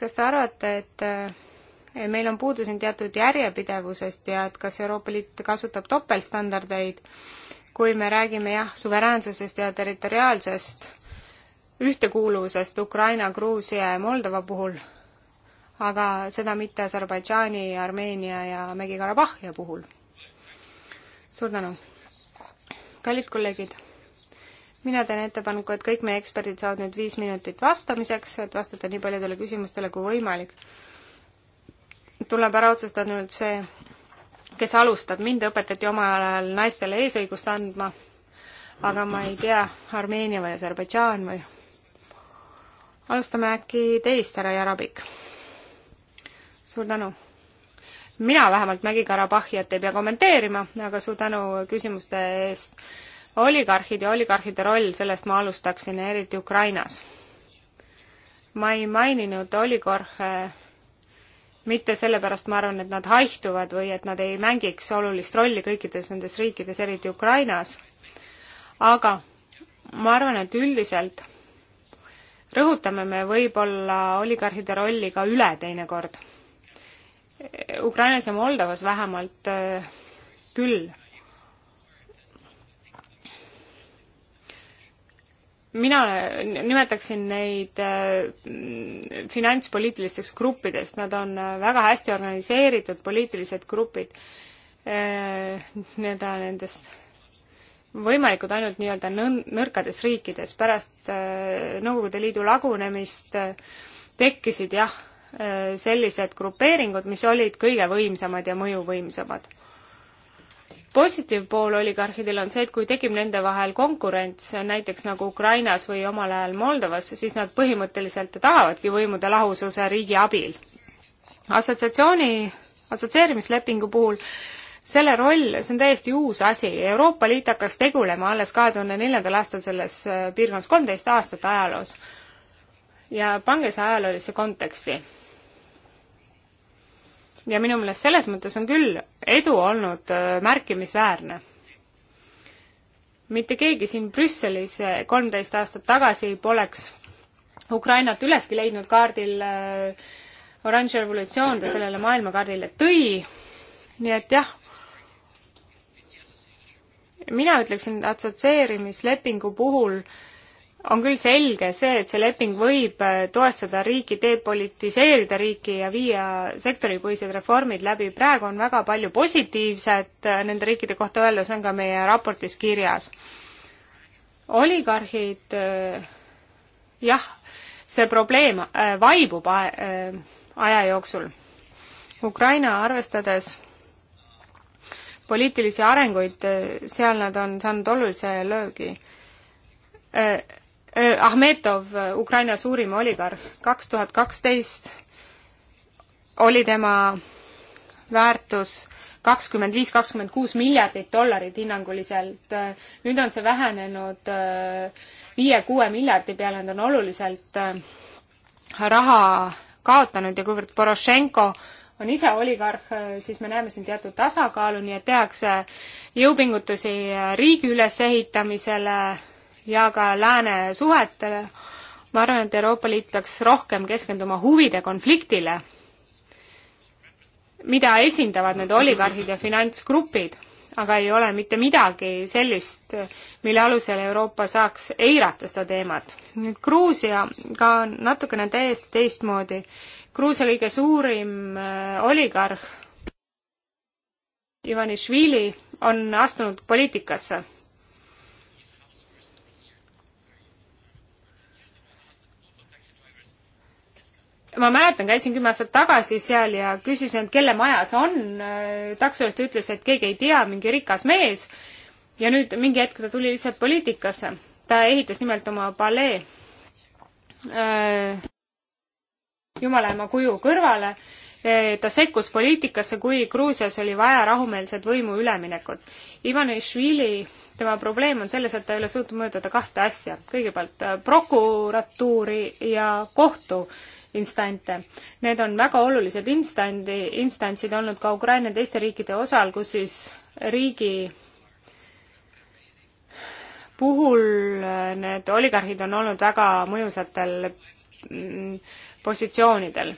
Speaker 1: kas te arvate, et eh, meil on puudu siin teatud järjepidevusest ja et kas Euroopa Liit kasutab topeltstandardeid, kui me räägime jah, suveräänsusest ja territoriaalsest ühtekuuluvusest Ukraina, Gruusia ja Moldova puhul aga seda mitte Aserbaidžaani, Armeenia ja Mägi-Karabahhi puhul. suur tänu! kallid kolleegid, mina teen ettepaneku, et kõik meie eksperdid saavad nüüd viis minutit vastamiseks, et vastata nii paljudele küsimustele kui võimalik. tuleb ära otsustada nüüd see, kes alustab, mind õpetati omal ajal naistele eesõigust andma, aga ma ei tea, Armeenia või Aserbaidžaan või alustame äkki teist, härra Jarabik suur tänu! mina vähemalt Mägi-Karabahhiat ei pea kommenteerima, aga suur tänu küsimuste eest. oligarhid ja oligarhide roll, sellest ma alustaksin, eriti Ukrainas. ma ei maininud oligarhe mitte sellepärast, ma arvan, et nad haihtuvad või et nad ei mängiks olulist rolli kõikides nendes riikides, eriti Ukrainas, aga ma arvan, et üldiselt rõhutame me võib-olla oligarhide rolli ka üle teinekord Ukrainas ja Moldovas vähemalt äh, küll. mina nimetaksin neid äh, finantspoliitilisteks gruppidest, nad on äh, väga hästi organiseeritud poliitilised grupid. Need on nendest võimalikud ainult nii-öelda nõrkades riikides. pärast Nõukogude Liidu lagunemist tekkisid jah, sellised grupeeringud, mis olid kõige võimsamad ja mõjuvõimsamad. positiiv pool oligarhidel on see, et kui tekib nende vahel konkurents, näiteks nagu Ukrainas või omal ajal Moldovas, siis nad põhimõtteliselt tahavadki võimude lahususe riigi abil. assotsiatsiooni, assotsieerimislepingu puhul selle roll, see on täiesti uus asi, Euroopa Liit hakkas tegulema alles kahe tuhande neljandal aastal selles äh, piirkonnas, kolmteist aastat ajaloos. ja pange see ajaloolisse konteksti ja minu meelest selles mõttes on küll edu olnud äh, märkimisväärne. mitte keegi siin Brüsselis äh, kolmteist aastat tagasi poleks Ukrainat üleski leidnud kaardil äh, oranž revolutsioon ta sellele maailmakaardile tõi, nii et jah, mina ütleksin assotsieerimislepingu puhul äh, on küll selge see, et see leping võib äh, toestada riiki, depolitiseerida riiki ja viia sektoripõhised reformid läbi. praegu on väga palju positiivset äh, nende riikide kohta öelda, see on ka meie raportis kirjas. oligarhid, äh, jah, see probleem vaibub aja jooksul. Ukraina arvestades poliitilisi arenguid, seal nad on saanud olulise löögi Äh, Ahmetov, äh, Ukraina suurim oligarh, kaks tuhat kaksteist oli tema väärtus kakskümmend viis, kakskümmend kuus miljardit dollarit hinnanguliselt. Äh, nüüd on see vähenenud viie-kuue miljardi peale, nad on oluliselt raha kaotanud ja kuivõrd Porošenko on ise oligarh, siis me näeme siin teatud tasakaalu, nii et tehakse jõupingutusi riigi ülesehitamisele, ja ka lääne suhetele. ma arvan, et Euroopa Liit peaks rohkem keskenduma huvide konfliktile, mida esindavad need oligarhid ja finantsgrupid, aga ei ole mitte midagi sellist, mille alusel Euroopa saaks eirata seda teemat. nüüd Gruusia ka natukene täiesti teistmoodi. Gruusia kõige suurim äh, oligarh Ivanišvili on astunud poliitikasse ma mäletan, käisin kümme aastat tagasi seal ja küsisin, et kelle maja see on. taksojuht ütles, et keegi ei tea, mingi rikas mees. ja nüüd mingi hetk ta tuli lihtsalt poliitikasse. ta ehitas nimelt oma palee äh, jumalaema kuju kõrvale. Äh, ta sekkus poliitikasse, kui Gruusias oli vaja rahumeelset võimu üleminekut. Ivanišvili, tema probleem on selles, et ta ei ole suutnud mõjutada kahte asja. kõigepealt äh, prokuratuuri ja kohtu äh, instante. Need on väga olulised instandi, instantsid olnud ka Ukraina teiste riikide osal, kus siis riigi puhul eh, need oligarhid on olnud väga mõjusatel mm, positsioonidel.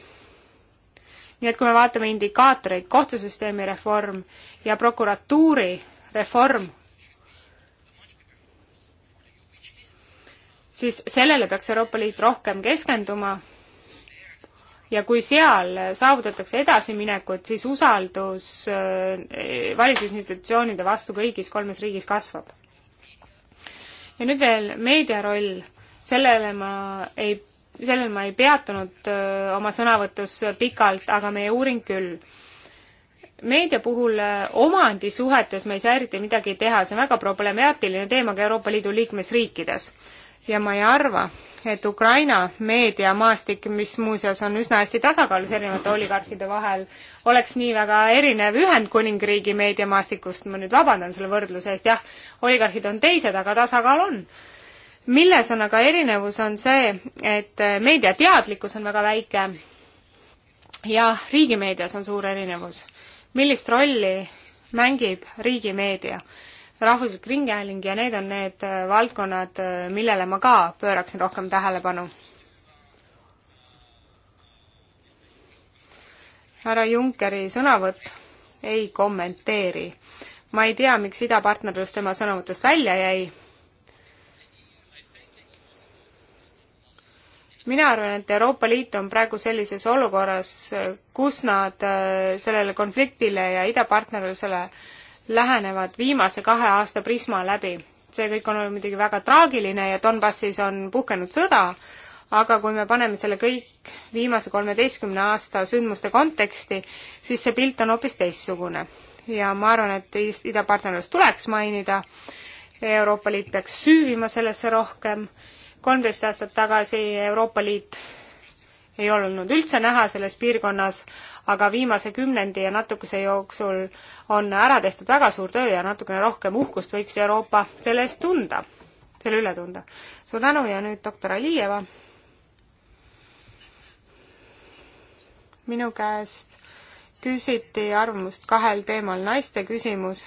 Speaker 1: nii et kui me vaatame indikaatoreid, kohtusüsteemi reform ja prokuratuuri reform, siis sellele peaks Euroopa Liit rohkem keskenduma ja kui seal saavutatakse edasiminekut, siis usaldus äh, valitsusinstitutsioonide vastu kõigis kolmes riigis kasvab. ja nüüd veel meedia roll, sellele ma ei, sellel ma ei peatunud äh, oma sõnavõtus pikalt, aga meie uuring küll. meedia puhul äh, omandisuhetes me ei saa eriti midagi teha, see on väga problemaatiline teema ka Euroopa Liidu liikmesriikides ja ma ei arva, et Ukraina meediamaastik, mis muuseas on üsna hästi tasakaalus erinevate oligarhide vahel, oleks nii väga erinev Ühendkuningriigi meediamaastikust, ma nüüd vabandan selle võrdluse eest, jah, oligarhid on teised, aga tasakaal on. milles on aga erinevus, on see, et meediateadlikkus on väga väike ja riigimeedias on suur erinevus. millist rolli mängib riigimeedia? rahvuslik ringhääling ja need on need äh, valdkonnad, äh, millele ma ka pööraksin rohkem tähelepanu. härra Junckeri sõnavõtt ei kommenteeri. ma ei tea, miks idapartnerlus tema sõnavõtust välja jäi. mina arvan, et Euroopa Liit on praegu sellises olukorras, kus nad äh, sellele konfliktile ja idapartnerlusele äh, lähenevad viimase kahe aasta prisma läbi. see kõik on olnud muidugi väga traagiline ja Donbassis on puhkenud sõda, aga kui me paneme selle kõik viimase kolmeteistkümne aasta sündmuste konteksti, siis see pilt on hoopis teistsugune. ja ma arvan, et idapartnerlust tuleks mainida, Euroopa Liit peaks süüvima sellesse rohkem, kolmteist aastat tagasi Euroopa Liit ei olnud üldse näha selles piirkonnas, aga viimase kümnendi ja natukese jooksul on ära tehtud väga suur töö ja natukene rohkem uhkust võiks Euroopa selle eest tunda, selle üle tunda. suur tänu ja nüüd doktor Alijeva. minu käest küsiti arvamust kahel teemal, naiste küsimus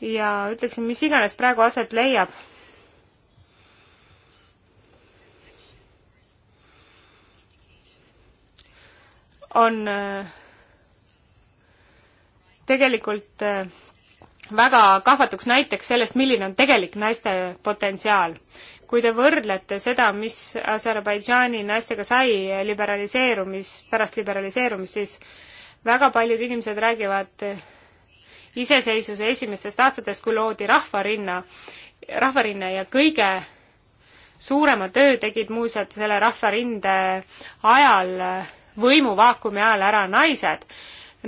Speaker 1: ja ütleksin, mis iganes praegu aset leiab on äh, tegelikult äh, väga kahvatuks näiteks sellest, milline on tegelik naiste potentsiaal. kui te võrdlete seda, mis Aserbaidžaani naistega sai liberaliseerumis, pärast liberaliseerumist, siis väga paljud inimesed räägivad äh, iseseisvuse esimestest aastatest, kui loodi Rahvarinna, Rahvarinne ja kõige suurema töö tegid muuseas selle Rahvarinde ajal äh, võimuvaakumi ajal ära naised.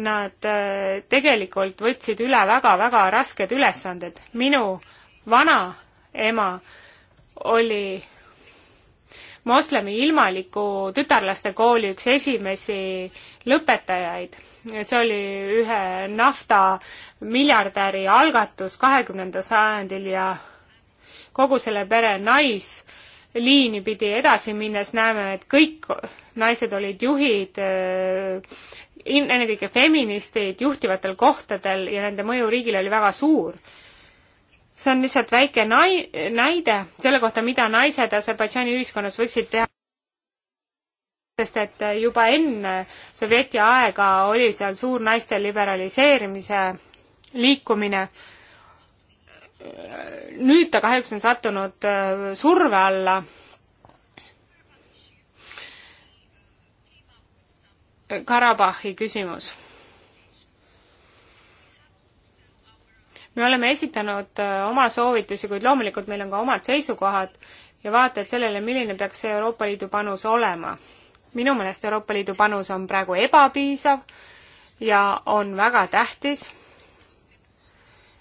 Speaker 1: Nad äh, tegelikult võtsid üle väga-väga rasked ülesanded. minu vanaema oli moslemi ilmaliku tütarlaste kooli üks esimesi lõpetajaid. see oli ühe nafta miljardäri algatus kahekümnendal sajandil ja kogu selle pere nais nice, liini pidi edasi minnes näeme, et kõik naised olid juhid, äh, ennekõike feministid juhtivatel kohtadel ja nende mõju riigile oli väga suur. see on lihtsalt väike nai-, näide selle kohta, mida naised Aserbaidžaani ühiskonnas võiksid teha sest et äh, juba enne sovjeti aega oli seal suur naiste liberaliseerimise liikumine nüüd ta kahjuks on sattunud äh, surve alla. Karabahhi küsimus. me oleme esitanud äh, oma soovitusi, kuid loomulikult meil on ka omad seisukohad ja vaated sellele, milline peaks see Euroopa Liidu panus olema. minu meelest Euroopa Liidu panus on praegu ebapiisav ja on väga tähtis,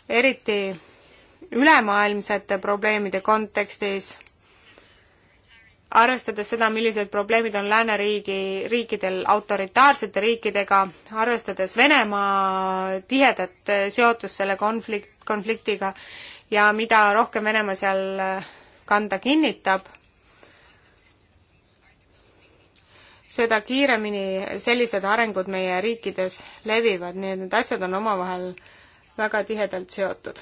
Speaker 1: eriti ülemaailmsete probleemide kontekstis, arvestades seda, millised probleemid on lääneriigi, riikidel autoritaarsete riikidega, arvestades Venemaa tihedat seotust selle konflikt, konfliktiga ja mida rohkem Venemaa seal äh, kanda kinnitab, seda kiiremini sellised arengud meie riikides levivad, nii et need asjad on omavahel väga tihedalt seotud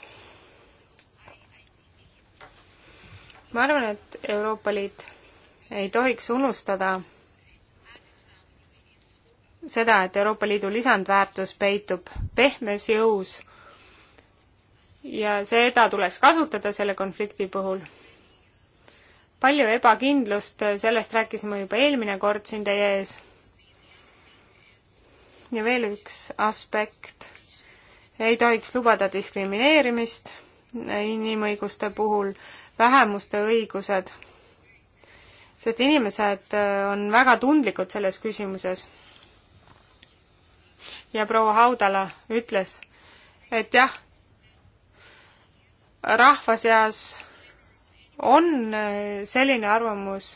Speaker 1: ma arvan, et Euroopa Liit ei tohiks unustada seda, et Euroopa Liidu lisandväärtus peitub pehmes jõus ja seda tuleks kasutada selle konflikti puhul. palju ebakindlust, sellest rääkisime juba eelmine kord siin teie ees. ja veel üks aspekt, ei tohiks lubada diskrimineerimist inimõiguste puhul vähemuste õigused, sest inimesed äh, on väga tundlikud selles küsimuses. ja proua Haudala ütles, et jah, rahva seas on äh, selline arvamus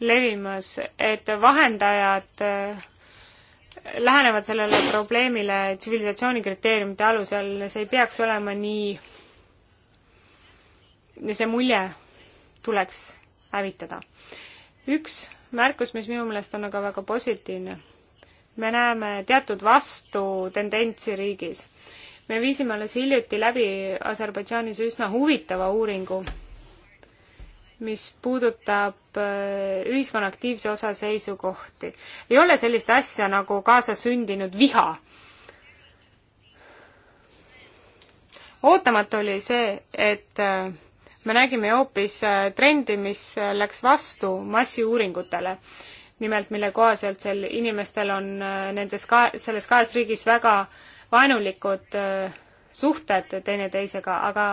Speaker 1: levimas, et vahendajad äh, lähenevad sellele probleemile tsivilisatsiooni kriteeriumite alusel, see ei peaks olema nii see mulje tuleks hävitada. üks märkus, mis minu meelest on aga väga positiivne, me näeme teatud vastutendentsi riigis. me viisime alles hiljuti läbi Aserbaidžaanis üsna huvitava uuringu, mis puudutab äh, ühiskonna aktiivse osa seisukohti. ei ole sellist asja nagu kaasasündinud viha ootamatu oli see, et äh, me nägime hoopis äh, trendi, mis äh, läks vastu massiuuringutele. nimelt, mille kohaselt seal inimestel on äh, nendes ka-, selles kahes riigis väga vaenulikud suhted teineteisega, aga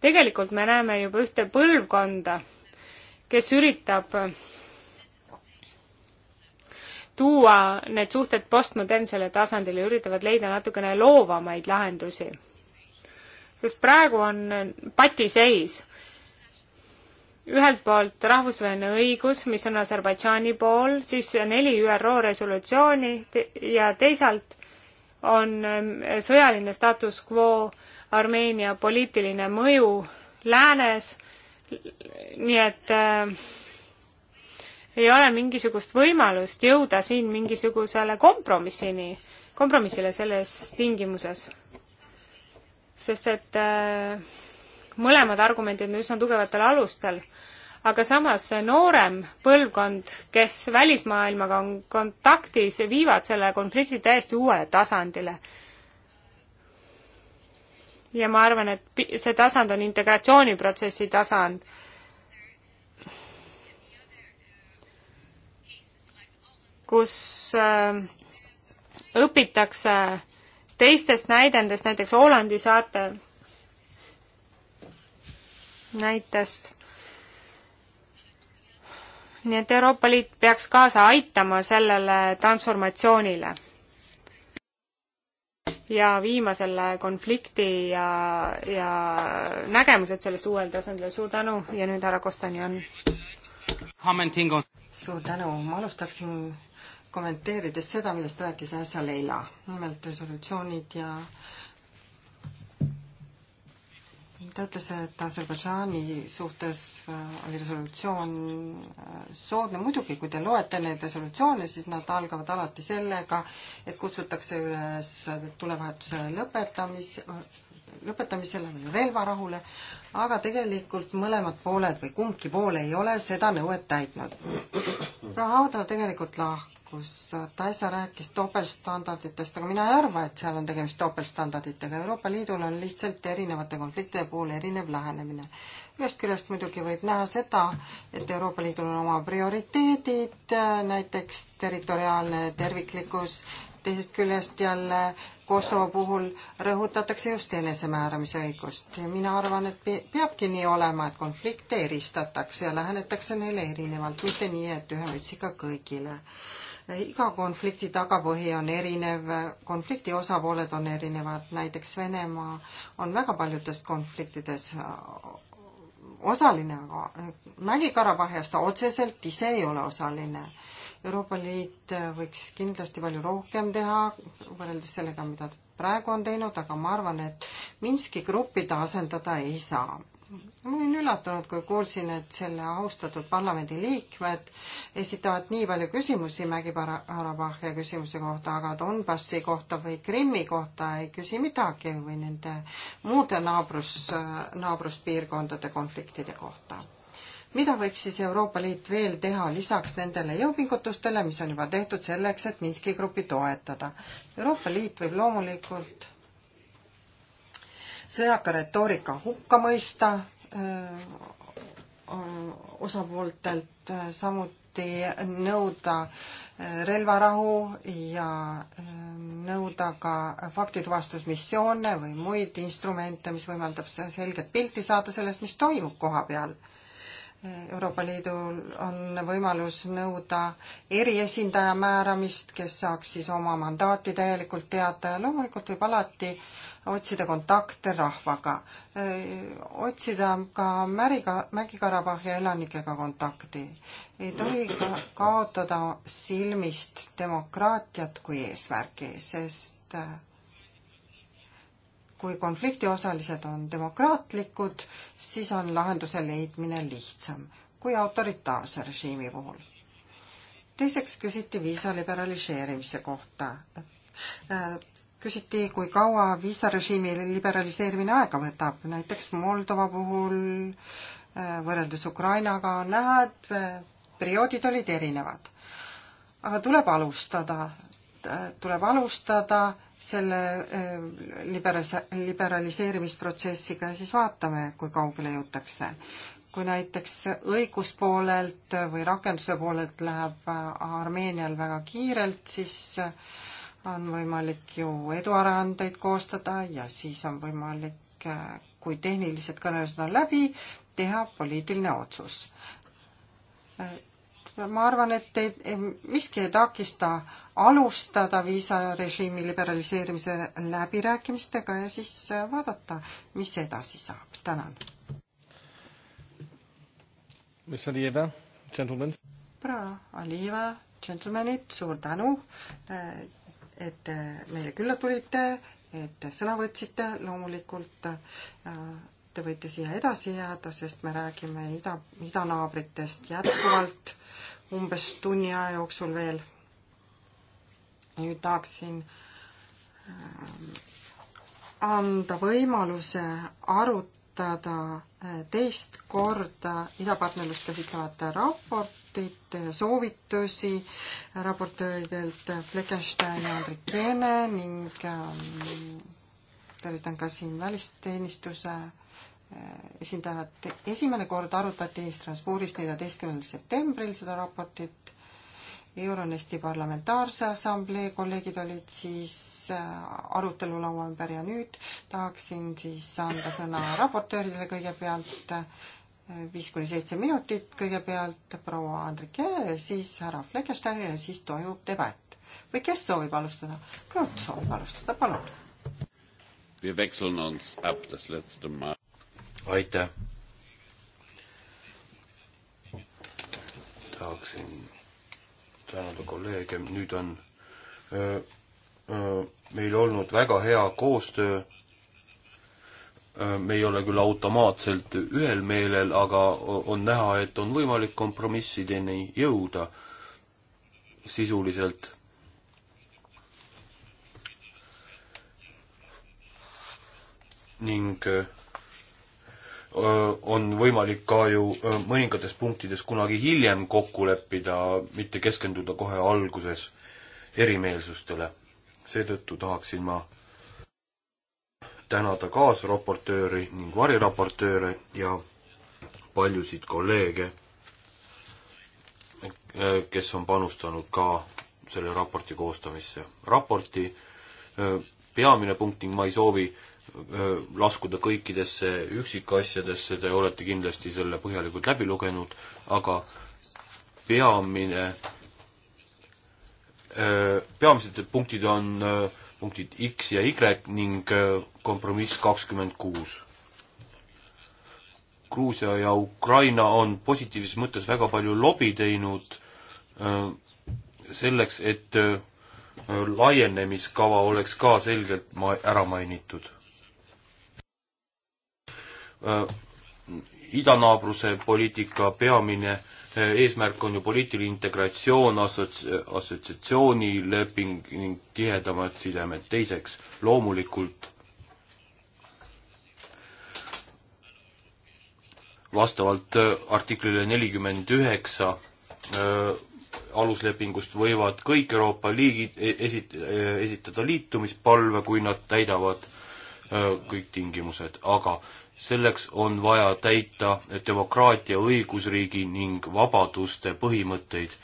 Speaker 1: tegelikult me näeme juba ühte põlvkonda, kes üritab tuua need suhted postmodernsele tasandile, üritavad leida natukene loovamaid lahendusi. sest praegu on patiseis ühelt poolt rahvusvaheline õigus, mis on Aserbaidžaani pool, siis neli ÜRO resolutsiooni ja teisalt on ähm, sõjaline status quo Armeenia poliitiline mõju läänes, nii et äh, ei ole mingisugust võimalust jõuda siin mingisugusele kompromissini, kompromissile selles tingimuses. sest et äh, mõlemad argumendid on üsna tugevatel alustel aga samas noorem põlvkond, kes välismaailmaga on kontaktis, viivad selle konflikti täiesti uuele tasandile. ja ma arvan, et see tasand on integratsiooniprotsessi tasand. kus äh, õpitakse teistest näidendest, näiteks Hollandi saarte näitest nii et Euroopa Liit peaks kaasa aitama sellele transformatsioonile ja viima selle konflikti ja, ja nägemused sellest uuel tasandil. suur tänu ja nüüd härra Kostanjan.
Speaker 2: suur tänu, ma alustaksin kommenteerides seda, millest rääkis äsja Leila, nimelt resolutsioonid ja äh, ta ütles, et Aserbaidžaani suhtes äh, oli resolutsioon äh, soodne, muidugi kui te loete neid resolutsioone, siis nad algavad alati sellega, et kutsutakse üles tulevahetuse lõpetamis, lõpetamisele või relvarahule, aga tegelikult mõlemad pooled või kumbki pool ei ole seda nõuet täitnud. Rahauda tegelikult lah-, kus Taisa rääkis topeltstandarditest, aga mina ei arva, et seal on tegemist topeltstandarditega. Euroopa Liidul on lihtsalt erinevate konfliktide puhul erinev lähenemine. ühest küljest muidugi võib näha seda, et Euroopa Liidul on oma prioriteedid, näiteks territoriaalne terviklikkus, teisest küljest jälle Kosovo puhul rõhutatakse just enesemääramise õigust. mina arvan, et peabki nii olema, et konflikte eristatakse ja lähenetakse neile erinevalt, mitte nii, et ühe mütsiga kõigile iga konflikti tagapõhi on erinev, konflikti osapooled on erinevad, näiteks Venemaa on väga paljudes konfliktides osaline, aga Mägi-Karabahhias ta otseselt ise ei ole osaline. Euroopa Liit võiks kindlasti palju rohkem teha võrreldes sellega, mida ta praegu on teinud, aga ma arvan, et Minski gruppi ta asendada ei saa ma olin üllatunud, kui kuulsin, et selle austatud parlamendi liikmed esitavad nii palju küsimusi Mägi-Karabahhi küsimuse kohta, aga Donbassi kohta või Krimmi kohta ei küsi midagi või nende muude naabrus, naabruspiirkondade konfliktide kohta. mida võiks siis Euroopa Liit veel teha lisaks nendele jõupingutustele, mis on juba tehtud selleks, et Minski gruppi toetada? Euroopa Liit võib loomulikult sõjaka retoorika hukka mõista osapooltelt, samuti nõuda relvarahu ja nõuda ka faktituvastusmissioone või muid instrumente, mis võimaldab selget pilti saada sellest, mis toimub koha peal Euroopa Liidul on võimalus nõuda eriesindaja määramist, kes saaks siis oma mandaati täielikult teada ja loomulikult võib alati otsida kontakte rahvaga, otsida ka Märiga, Mägi-Karabahhi elanikega kontakti. ei tohi ka kaotada silmist demokraatiat kui eesmärki, sest kui konfliktiosalised on demokraatlikud, siis on lahenduse leidmine lihtsam kui autoritaarse režiimi puhul. teiseks küsiti viisa liberaliseerimise kohta küsiti, kui kaua viisarežiimi liberaliseerimine aega võtab, näiteks Moldova puhul äh, võrreldes Ukrainaga on näha, et äh, perioodid olid erinevad. aga tuleb alustada, tuleb alustada selle äh, liberas-, liberaliseerimisprotsessiga ja siis vaatame, kui kaugele jõutakse. kui näiteks õiguspoolelt või rakenduse poolelt läheb Armeenial väga kiirelt, siis on võimalik ju eduaruandeid koostada ja siis on võimalik, äh, kui tehnilised kõnelused on läbi, teha poliitiline otsus. Äh, ma arvan, et ei, miski ei takista alustada viisarežiimi liberaliseerimise läbirääkimistega ja siis äh, vaadata, mis edasi saab. tänan. Miss Alieva, gentlemen. Pra, Alieva, gentlemenid, suur tänu et te meile külla tulite, et te sõna võtsite, loomulikult äh, te võite siia edasi jääda, sest me räägime ida, idanaabritest jätkuvalt umbes tunni aja jooksul veel. nüüd tahaksin äh, anda võimaluse arutada äh, teist korda idapartnerlust käsitlevate raport, raportit, soovitusi raportööridelt Fleckenstein ja Andrikene ning ähm, tervitan ka siin välisteenistuse äh, esindajat. esimene kord arutati Strasbourgis neljateistkümnendal septembril seda raportit. Euronesti Parlamentaarse Assamblee kolleegid olid siis äh, arutelulaua ümber ja nüüd tahaksin siis anda sõna raportööridele kõigepealt viis kuni seitse minutit kõigepealt proua Andrikienele, siis härra Fleckensteinile ja siis toimub debatt. või kes soovib alustada? Knut soovib alustada, palun.
Speaker 3: aitäh. tahaksin tänada kolleege, nüüd on öö, äh, öö, äh, meil olnud väga hea koostöö Äh, me ei ole küll automaatselt ühel meelel, aga on näha, et on võimalik kompromissideni jõuda sisuliselt. ning äh, on võimalik ka ju äh, mõningates punktides kunagi hiljem kokku leppida, mitte keskenduda kohe alguses erimeelsustele. seetõttu tahaksin ma tänada kaasraportööri ning variraportööre ja paljusid kolleege, kes on panustanud ka selle raporti koostamisse. raporti peamine punkt ning ma ei soovi laskuda kõikidesse üksikasjadesse, te olete kindlasti selle põhjalikult läbi lugenud, aga peamine, peamised punktid on öö, punktid X ja Y ning äh, kompromiss kakskümmend kuus. Gruusia ja Ukraina on positiivses mõttes väga palju lobi teinud äh, selleks, et äh, laienemiskava oleks ka selgelt ma-, ära mainitud. idanaabruse poliitika peamine äh, Äh, eesmärk on ju poliitiline integratsioon, assots-, assotsiatsioonileping ning tihedamad sidemed. teiseks, loomulikult vastavalt äh, artiklile nelikümmend üheksa äh, aluslepingust võivad kõik Euroopa liigid e-, esit-, e-, esitada liitumispalve, kui nad täidavad kõik tingimused, aga selleks on vaja täita demokraatia, õigusriigi ning vabaduste põhimõtteid.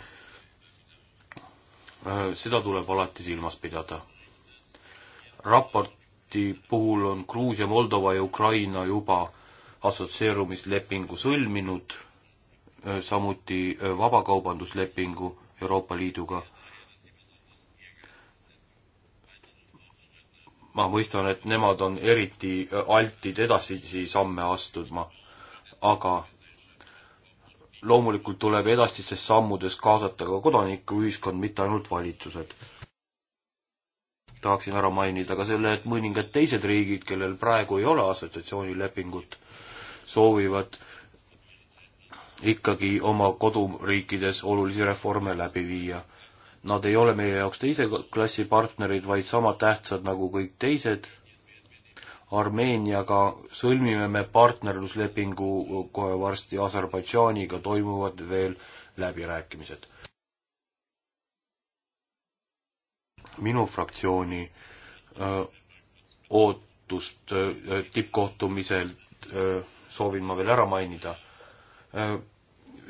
Speaker 3: Äh, seda tuleb alati silmas pidada. raporti puhul on Gruusia, Moldova ja Ukraina juba assotsieerumislepingu sõlminud, äh, samuti äh, vabakaubanduslepingu Euroopa Liiduga ma mõistan, et nemad on eriti äh, altid edasisi samme astuma, aga loomulikult tuleb edasistes sammudes kaasata ka kodanikuühiskond, mitte ainult valitsused. tahaksin ära mainida ka selle, et mõningad teised riigid, kellel praegu ei ole assotsiatsioonilepingut, soovivad ikkagi oma koduriikides olulisi reforme läbi viia Nad ei ole meie jaoks teise klassi partnerid, vaid sama tähtsad nagu kõik teised. Armeeniaga sõlmime me partnerluslepingu kohe varsti, Aserbaidžaaniga toimuvad veel läbirääkimised. minu fraktsiooni öö, äh, ootust öö, äh, tippkohtumiselt öö, äh, soovin ma veel ära mainida öö,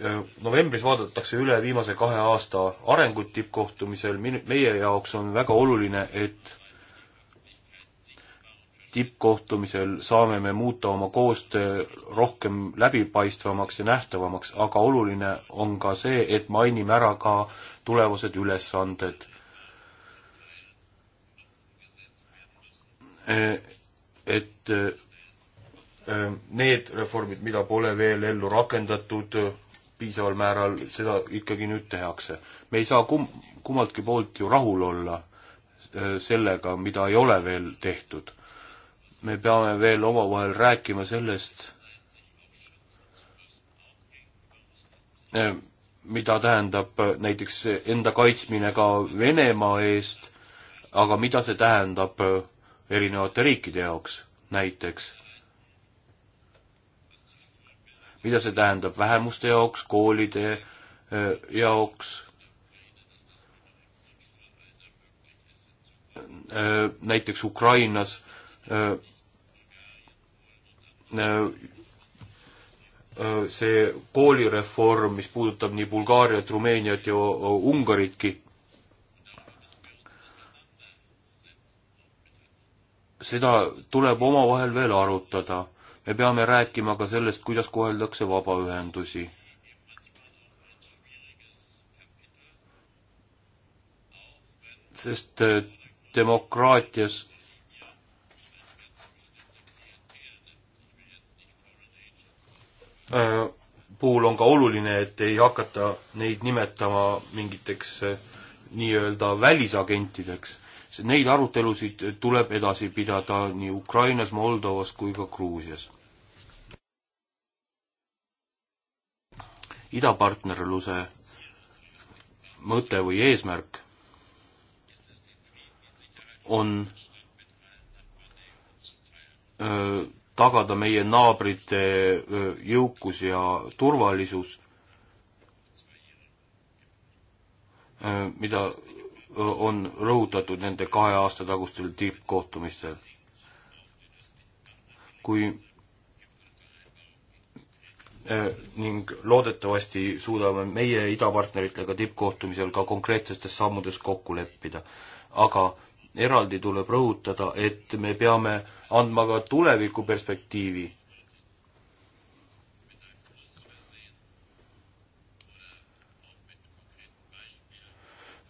Speaker 3: Äh, novembris vaadatakse üle viimase kahe aasta arengud tippkohtumisel, min-, meie jaoks on väga oluline, et tippkohtumisel saame me muuta oma koostöö rohkem läbipaistvamaks ja nähtavamaks, aga oluline on ka see, et mainime ära ka tulevased ülesanded. Äh, et äh, need reformid, mida pole veel ellu rakendatud, piisaval määral seda ikkagi nüüd tehakse. me ei saa kum-, kummaltki poolt ju rahul olla äh, sellega, mida ei ole veel tehtud. me peame veel omavahel rääkima sellest, äh, mida tähendab äh, näiteks enda kaitsmine ka Venemaa eest, aga mida see tähendab erinevate riikide jaoks näiteks mida see tähendab vähemuste jaoks, koolide jaoks, näiteks Ukrainas see koolireform, mis puudutab nii Bulgaariat, Rumeeniat ja Ungaritki, seda tuleb omavahel veel arutada me peame rääkima ka sellest, kuidas koheldakse vabaühendusi. sest äh, demokraatias äh, puhul on ka oluline, et ei hakata neid nimetama mingiteks äh, nii-öelda välisagentideks Neid arutelusid tuleb edasi pidada nii Ukrainas, Moldovas kui ka Gruusias. idapartnerluse mõte või eesmärk on öö, tagada meie naabrite öö, jõukus ja turvalisus, mida on rõhutatud nende kahe aasta tagustel tippkohtumistel. kui äh, ning loodetavasti suudame meie idapartneritega tippkohtumisel ka konkreetsetes sammudes kokku leppida. aga eraldi tuleb rõhutada, et me peame andma ka tulevikuperspektiivi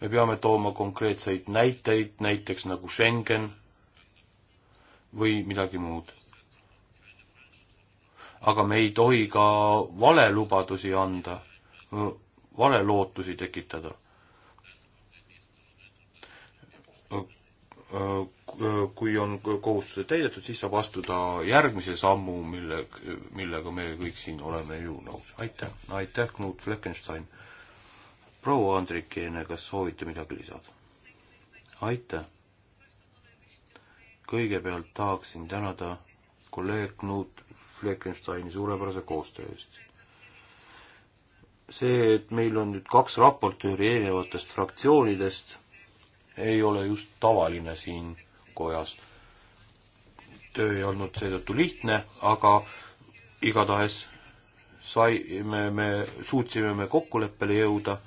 Speaker 3: me peame tooma konkreetseid näiteid, näiteks nagu Schengen või midagi muud. aga me ei tohi ka valelubadusi anda, valelootusi tekitada. kui on kohustused täidetud, siis saab astuda järgmise sammu, mille, millega me kõik siin oleme ju nõus. aitäh, aitäh, Knut Fleckenstein proua Andrikeene, kas soovite midagi lisada? aitäh! kõigepealt tahaksin tänada kolleeg Knut Fleckensteini suurepärase koostöö eest. see, et meil on nüüd kaks raportööri erinevatest fraktsioonidest, ei ole just tavaline siin kojas. töö ei olnud seetõttu lihtne, aga igatahes sai, me, me suutsime me kokkuleppele jõuda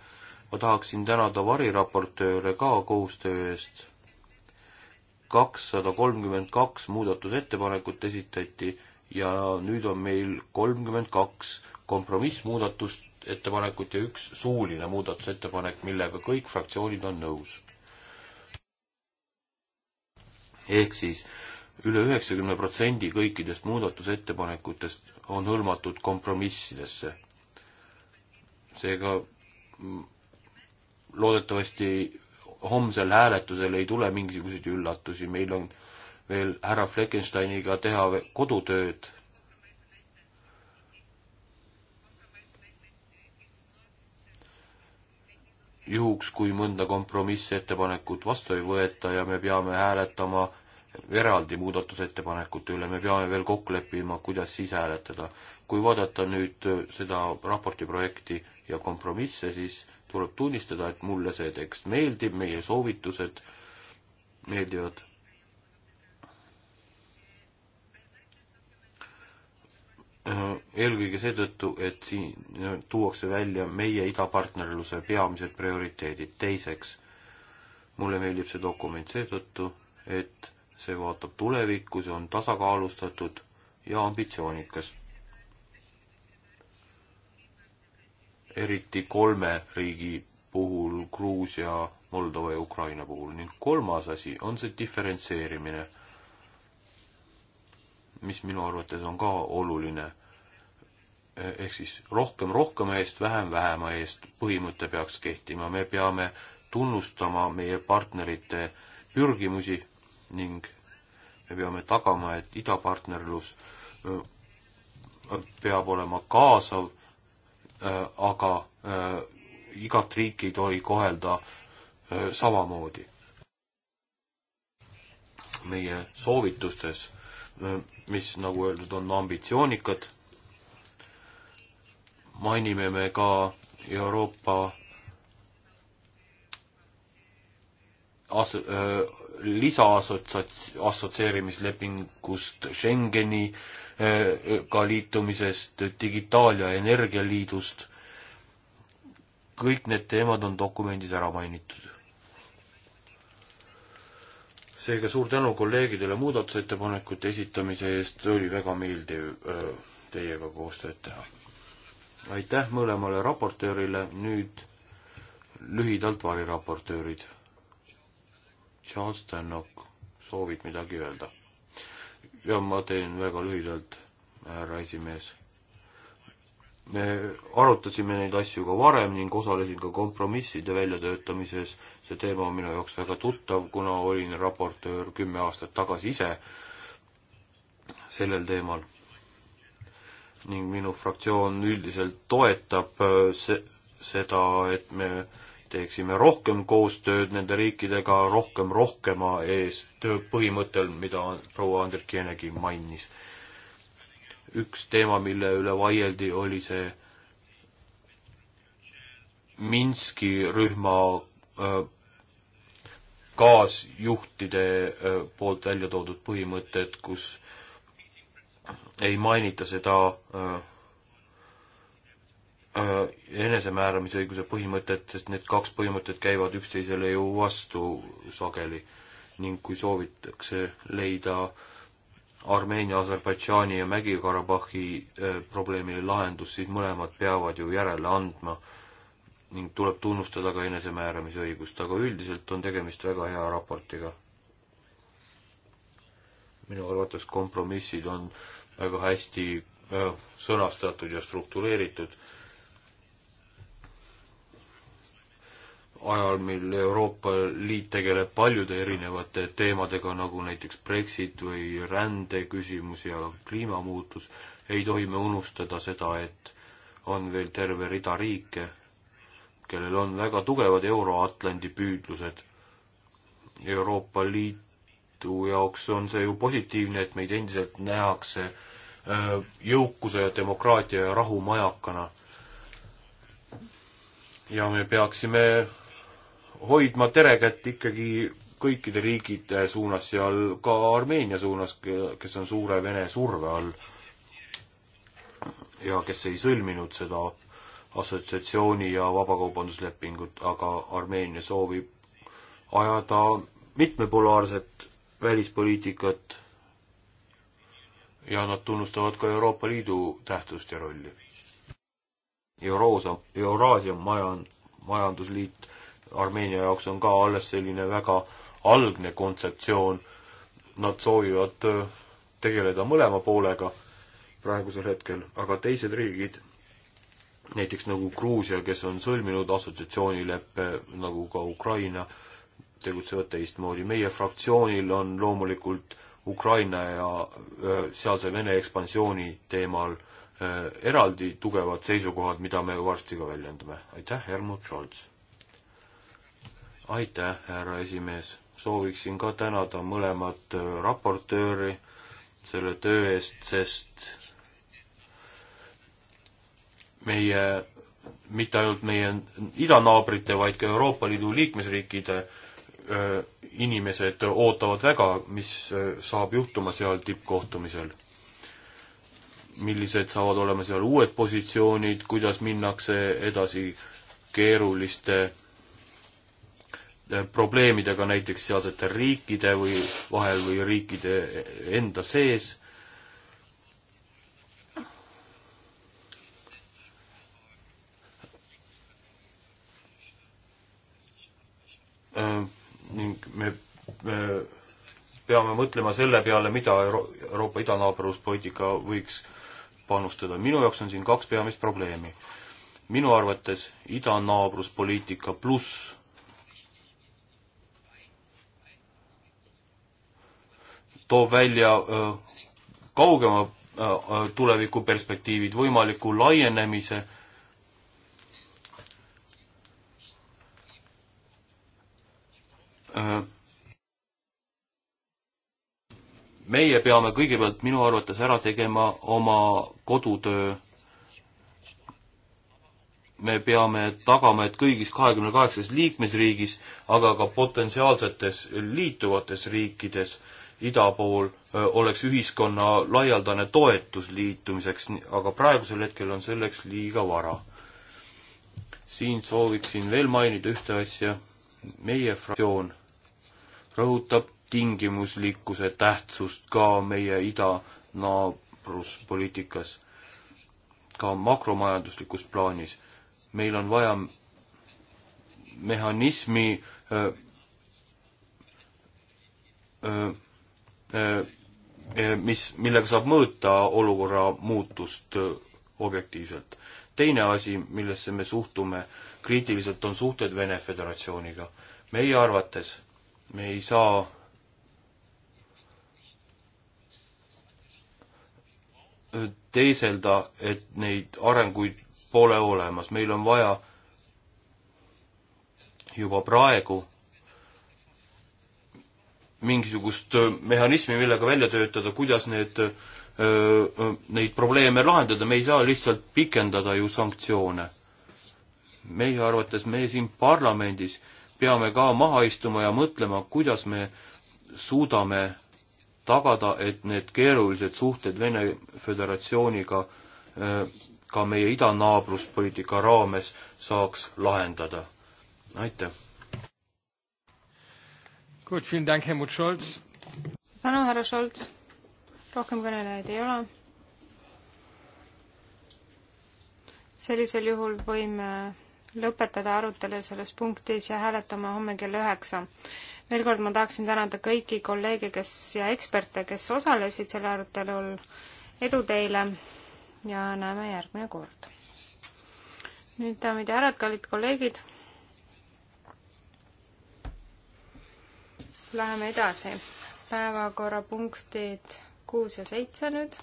Speaker 3: ma tahaksin tänada variraportööre ka koostöö eest. kakssada kolmkümmend kaks muudatusettepanekut esitati ja nüüd on meil kolmkümmend kaks kompromissmuudatust, ettepanekut ja üks suuline muudatusettepanek, millega kõik fraktsioonid on nõus. ehk siis üle üheksakümne protsendi kõikidest muudatusettepanekutest on hõlmatud kompromissidesse. seega loodetavasti homsel hääletusel ei tule mingisuguseid üllatusi, meil on veel härra Fleckensteiniga teha kodutööd. juhuks, kui mõnda kompromissettepanekut vastu ei võeta ja me peame hääletama eraldi muudatusettepanekute üle, me peame veel kokku leppima, kuidas siis hääletada. kui vaadata nüüd seda raporti projekti ja kompromisse, siis tuleb tunnistada, et mulle see tekst meeldib, meie soovitused meeldivad. Äh, eelkõige seetõttu, et siin tuuakse välja meie idapartnerluse peamised prioriteedid. teiseks, mulle meeldib see dokument seetõttu, et see vaatab tulevikku, see on tasakaalustatud ja ambitsioonikas eriti kolme riigi puhul, Gruusia, Moldova ja Ukraina puhul ning kolmas asi on see diferentseerimine, mis minu arvates on ka oluline. ehk siis rohkem rohkema eest, vähem vähema eest põhimõte peaks kehtima, me peame tunnustama meie partnerite pürgimusi ning me peame tagama, et idapartnerlus äh, peab olema kaasav Äh, aga äh, igat riiki ei tohi kohelda äh, samamoodi. meie soovitustes, mis nagu öeldud, on ambitsioonikad, mainime me ka Euroopa as-, lisaassotsiats-, assotsieerimislepingust Schengeni äh, Äh, ka liitumisest, digitaal- ja energialiidust. kõik need teemad on dokumendis ära mainitud. seega suur tänu kolleegidele muudatusettepanekute esitamise eest, oli väga meeldiv äh, teiega koostööd teha. aitäh mõlemale raportöörile, nüüd lühidalt variraportöörid. Charles Tannock soovib midagi öelda ja ma teen väga lühidalt, härra esimees. me arutasime neid asju ka varem ning osalesin ka kompromisside väljatöötamises. see teema on minu jaoks väga tuttav, kuna olin raportöör kümme aastat tagasi ise sellel teemal. ning minu fraktsioon üldiselt toetab äh, se-, seda, et me äh, teeksime rohkem koostööd nende riikidega rohkem rohkema eest põhimõttel, mida proua Andrikienegi mainis. üks teema, mille üle vaieldi, oli see Minski rühma kaasjuhtide poolt välja toodud põhimõtted, kus ei mainita seda Äh, enesemääramisõiguse põhimõtet, sest need kaks põhimõtet käivad üksteisele ju vastu sageli ning kui soovitakse leida Armeenia, Aserbaidžaani ja Mägi-Karabahhi äh, probleemile lahendus, siis mõlemad peavad ju järele andma ning tuleb tunnustada ka enesemääramisõigust, aga üldiselt on tegemist väga hea raportiga. minu arvates kompromissid on väga hästi äh, sõnastatud ja struktureeritud ajal, mil Euroopa Liit tegeleb paljude erinevate teemadega, nagu näiteks Brexit või rändeküsimus ja kliimamuutus, ei tohi me unustada seda, et on veel terve rida riike, kellel on väga tugevad Euro-Atlandi püüdlused. Euroopa Liidu jaoks on see ju positiivne, et meid endiselt nähakse äh, jõukuse ja demokraatia ja rahu majakana. ja me peaksime hoidma terekätt ikkagi kõikide riikide suunas, seal ka Armeenia suunas, kes on suure Vene surve all ja kes ei sõlminud seda assotsiatsiooni ja vabakaubanduslepingut, aga Armeenia soovib ajada mitmepolaarset välispoliitikat ja nad tunnustavad ka Euroopa Liidu tähtsust ja rolli. Euroosa, Euraasia majan-, majandusliit Armeenia jaoks on ka alles selline väga algne kontseptsioon. Nad soovivad äh, tegeleda mõlema poolega praegusel hetkel, aga teised riigid, näiteks nagu Gruusia, kes on sõlminud assotsiatsioonileppe, nagu ka Ukraina, tegutsevad teistmoodi. meie fraktsioonil on loomulikult Ukraina ja äh, sealse Vene ekspansiooni teemal äh, eraldi tugevad seisukohad, mida me varsti ka väljendame. aitäh, Helmut Scholz! aitäh, härra esimees. sooviksin ka tänada mõlemat äh, raportööri selle töö eest, sest meie, mitte ainult meie idanaabrite, vaid ka Euroopa Liidu liikmesriikide äh, inimesed ootavad väga, mis äh, saab juhtuma seal tippkohtumisel. millised saavad olema seal uued positsioonid, kuidas minnakse edasi keeruliste Eh, probleemidega näiteks sealsete riikide või vahel või riikide enda sees. Eh, ning me, me peame mõtlema selle peale, mida Euro Euroopa idanaabruspoliitika võiks panustada. minu jaoks on siin kaks peamist probleemi. minu arvates idanaabruspoliitika pluss toob välja kaugema tuleviku perspektiivid, võimaliku laienemise. meie peame kõigepealt minu arvates ära tegema oma kodutöö. me peame tagama, et kõigis kahekümne kaheksas liikmesriigis, aga ka potentsiaalsetes liituvates riikides ida pool oleks ühiskonna laialdane toetus liitumiseks, aga praegusel hetkel on selleks liiga vara. siin sooviksin veel mainida ühte asja. meie fraktsioon rõhutab tingimuslikkuse tähtsust ka meie idanaabruspoliitikas, ka makromajanduslikus plaanis. meil on vaja mehhanismi öö, öö, Äh, äh, mis, millega saab mõõta olukorra muutust äh, objektiivselt. teine asi, millesse me suhtume kriitiliselt, on suhted Vene Föderatsiooniga. meie arvates me ei saa teeselda, et neid arenguid pole olemas, meil on vaja juba praegu mingisugust äh, mehhanismi, millega välja töötada, kuidas need, äh, äh, neid probleeme lahendada, me ei saa lihtsalt pikendada ju sanktsioone. meie arvates me siin parlamendis peame ka maha istuma ja mõtlema, kuidas me suudame tagada, et need keerulised suhted Vene Föderatsiooniga ka meie idanaabruspoliitika raames saaks lahendada. aitäh!
Speaker 2: Gut, vielen Dank, Helmut Scholz.
Speaker 1: tänu, härra Scholz. rohkem kõnelejaid ei ole. sellisel juhul võime lõpetada arutelu selles punktis ja hääletame homme kell üheksa. veel kord ma tahaksin tänada kõiki kolleege, kes ja eksperte, kes osalesid sellel arutelul. edu teile ja näeme järgmine kord. nüüd daamid ja härrad, kallid kolleegid Läheme edasi. päevakorrapunktid kuus ja seitse nüüd.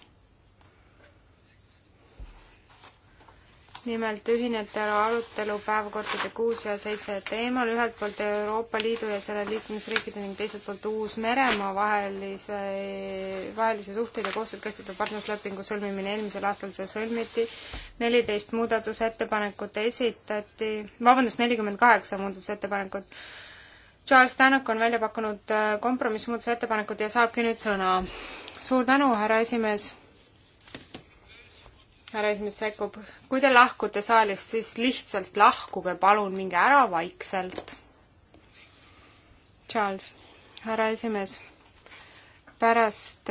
Speaker 1: nimelt ühinete arutelu päevakordade kuus ja seitse teemal, ühelt poolt Euroopa Liidu ja selle liikmesriikide ning teiselt poolt Uus-Meremaa vahelise, vahelisi suhteid ja koostööd käsitleva partnerluslepingu sõlmimine. eelmisel aastal see sõlmiti, neliteist muudatusettepanekut esitati, vabandust, nelikümmend kaheksa muudatusettepanekut Charles Tannock on välja pakkunud äh, kompromissmuudatuse ettepanekut ja saabki nüüd sõna. suur tänu, härra esimees. härra esimees sekkub. kui te lahkute saalist, siis lihtsalt lahkuge, palun minge ära vaikselt. Charles, härra esimees, pärast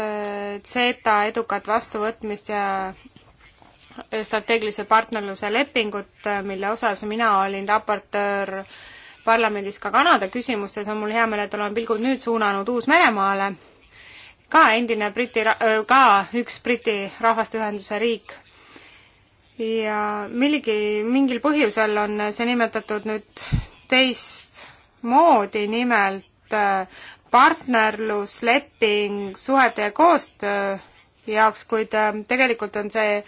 Speaker 1: Zeta äh, edukat vastuvõtmist ja äh, strateegilise partnerluse lepingut, mille osas mina olin raportöör parlamendis ka Kanada küsimustes, on mul hea meel, et oleme pilgud nüüd suunanud Uus-Meremaale, ka endine Briti, ka üks Briti rahvasteühenduse riik. ja millegi, mingil põhjusel on see nimetatud nüüd teistmoodi, nimelt partnerlusleping suhete ja koostöö jaoks, kuid tegelikult on see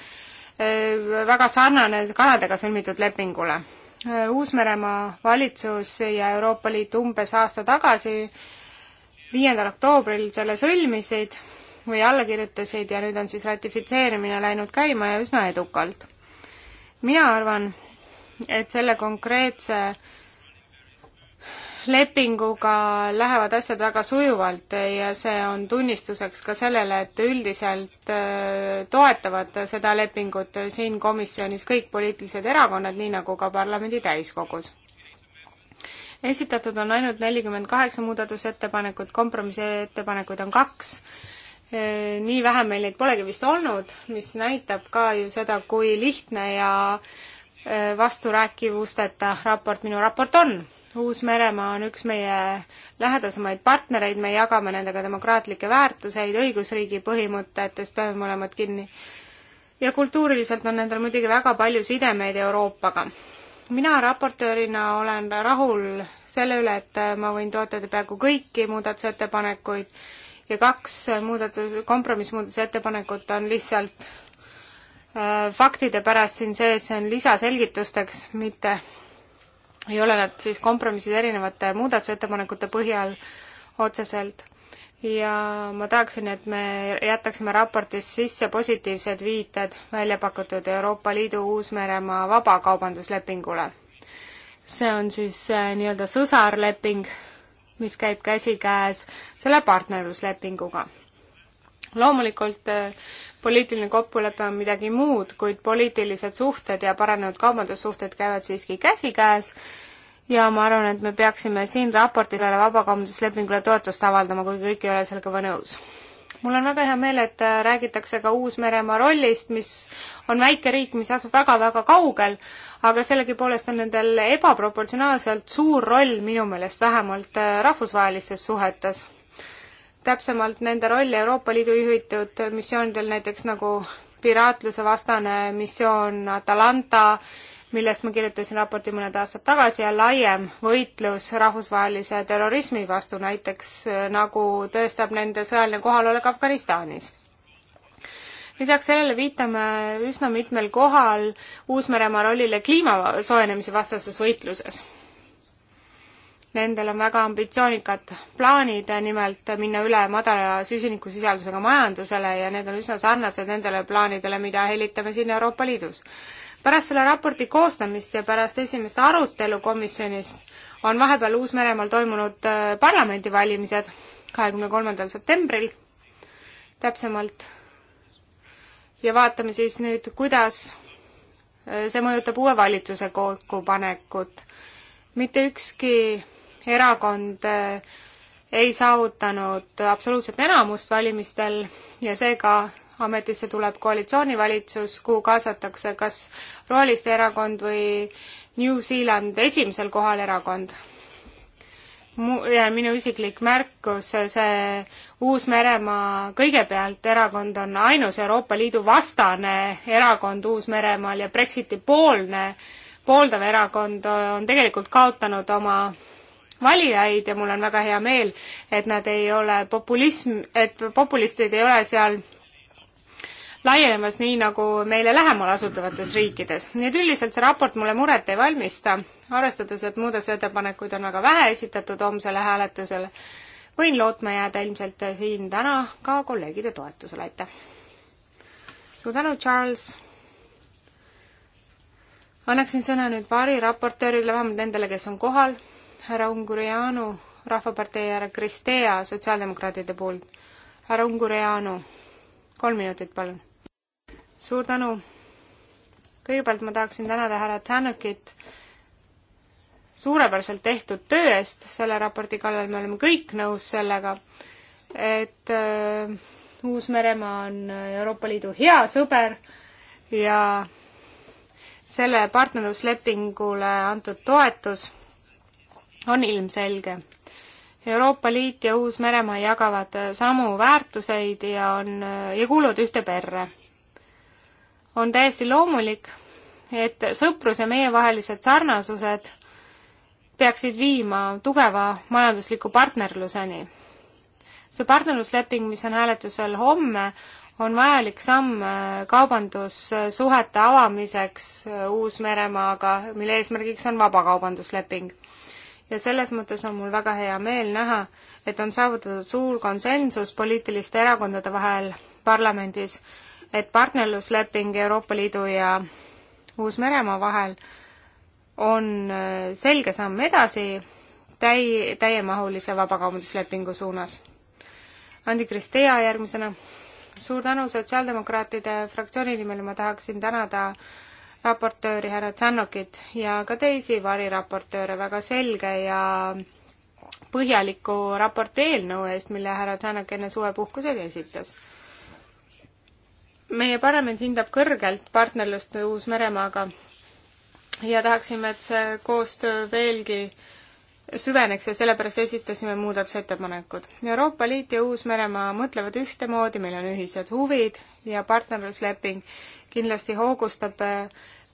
Speaker 1: väga sarnane Kanadaga sõlmitud lepingule Äh, Uus-Meremaa valitsus ja Euroopa Liit umbes aasta tagasi, viiendal oktoobril selle sõlmisid või alla kirjutasid ja nüüd on siis ratifitseerimine läinud käima ja üsna edukalt. mina arvan, et selle konkreetse lepinguga lähevad asjad väga sujuvalt ja see on tunnistuseks ka sellele, et üldiselt äh, toetavad seda lepingut siin komisjonis kõik poliitilised erakonnad, nii nagu ka parlamendi täiskogus. esitatud on ainult nelikümmend kaheksa muudatusettepanekut, kompromissettepanekuid on kaks, äh, nii vähe meil neid polegi vist olnud, mis näitab ka ju seda, kui lihtne ja äh, vasturääkivusteta raport minu raport on Uus-Meremaa on üks meie lähedasemaid partnereid, me jagame nendega demokraatlikke väärtuseid, õigusriigi põhimõtetest peame mõlemad kinni. ja kultuuriliselt on nendel muidugi väga palju sidemeid Euroopaga. mina raportöörina olen rahul selle üle, et ma võin toetada peaaegu kõiki muudatusettepanekuid ja kaks muudatus, kompromissmuudatusettepanekut on lihtsalt äh, faktide pärast siin sees, see on lisaselgitusteks, mitte ei ole nad siis kompromissid erinevate muudatusettepanekute põhjal otseselt. ja ma tahaksin, et me jätaksime raportis sisse positiivsed viited välja pakutud Euroopa Liidu Uus-Meremaa vabakaubanduslepingule. see on siis äh, nii-öelda sõsarleping, mis käib käsikäes selle partnerluslepinguga loomulikult äh, poliitiline kokkulepe on midagi muud, kuid poliitilised suhted ja paranenud kaubandussuhted käivad siiski käsikäes ja ma arvan, et me peaksime siin raportis selle vabakaubanduslepingule toetust avaldama, kui kõik ei ole sellega ka nõus. mul on väga hea meel, et äh, räägitakse ka Uus-Meremaa rollist, mis on väike riik, mis asub väga-väga kaugel, aga sellegipoolest on nendel ebaproportsionaalselt suur roll minu meelest vähemalt äh, rahvusvahelistes suhetes täpsemalt nende roll Euroopa Liidu juhitud missioonidel, näiteks nagu piraatluse vastane missioon Atalanta, millest ma kirjutasin raporti mõned aastad tagasi ja laiem võitlus rahvusvahelise terrorismi vastu, näiteks äh, nagu tõestab nende sõjaline kohalolek Afganistanis. lisaks sellele viitame üsna mitmel kohal Uus-Meremaa rollile kliima soojenemise vastases võitluses Nendel on väga ambitsioonikad plaanid nimelt minna üle madala süsinikusisaldusega majandusele ja need on üsna sarnased nendele plaanidele, mida hellitame siin Euroopa Liidus. pärast selle raporti koostamist ja pärast esimest arutelu komisjonist on vahepeal Uus-Meremaal toimunud äh, parlamendivalimised kahekümne kolmandal septembril täpsemalt. ja vaatame siis nüüd, kuidas äh, see mõjutab uue valitsuse kokkupanekut. mitte ükski erakond eh, ei saavutanud absoluutset enamust valimistel ja seega ametisse tuleb koalitsioonivalitsus, kuhu kaasatakse kas Roheliste erakond või New Zealand esimesel kohal erakond. mu, ja minu isiklik märkus, see Uus-Meremaa kõigepealt erakond on ainus Euroopa Liidu vastane erakond Uus-Meremaal ja Brexiti poolne, pooldav erakond on tegelikult kaotanud oma valijaid ja mul on väga hea meel, et nad ei ole populism, et populistid ei ole seal laienemas nii, nagu meile lähemal asutavates riikides. nii et üldiselt see raport mulle muret ei valmista, arvestades, et muudatusettepanekuid on väga vähe esitatud homsele hääletusele, võin lootma jääda ilmselt siin täna ka kolleegide toetusele, aitäh! suur tänu, Charles! annaksin sõna nüüd paari raportöörile, vähemalt nendele, kes on kohal härra Ungureanu Rahvapartei härra Kristea sotsiaaldemokraatide poolt. härra Ungureanu, kolm minutit, palun. suur tänu. kõigepealt ma tahaksin tänada härra Tänukit suurepäraselt tehtud töö eest selle raporti kallal, me oleme kõik nõus sellega, et äh, Uus-Meremaa on äh, Euroopa Liidu hea sõber ja selle partnerluslepingule antud toetus on ilmselge. Euroopa Liit ja Uus-Meremaa jagavad samu väärtuseid ja on, ja kuuluvad ühte perre. on täiesti loomulik, et sõprus ja meievahelised sarnasused peaksid viima tugeva majandusliku partnerluseni. see partnerlusleping, mis on hääletusel homme, on vajalik samm äh, kaubandussuhete avamiseks äh, Uus-Meremaaga, mille eesmärgiks on vabakaubandusleping ja selles mõttes on mul väga hea meel näha, et on saavutatud suur konsensus poliitiliste erakondade vahel parlamendis, et partnerlusleping Euroopa Liidu ja Uus-Meremaa vahel on äh, selge samm edasi täi-, täiemahulise vabakaubanduslepingu suunas. Andi Kristea järgmisena. suur tänu sotsiaaldemokraatide fraktsiooni nimel, ma tahaksin tänada äh, raportööri härra Tšannokit ja ka teisi variraportööre väga selge ja põhjaliku raporti eelnõu eest, mille härra Tšanok enne suvepuhkusega esitas. meie parlament hindab kõrgelt partnerlust Uus-Meremaaga ja tahaksime, et see koostöö veelgi süveneks ja sellepärast esitasime muudatusettepanekud. Euroopa Liit ja Uus-Meremaa mõtlevad ühtemoodi, meil on ühised huvid ja partnerlusleping kindlasti hoogustab äh,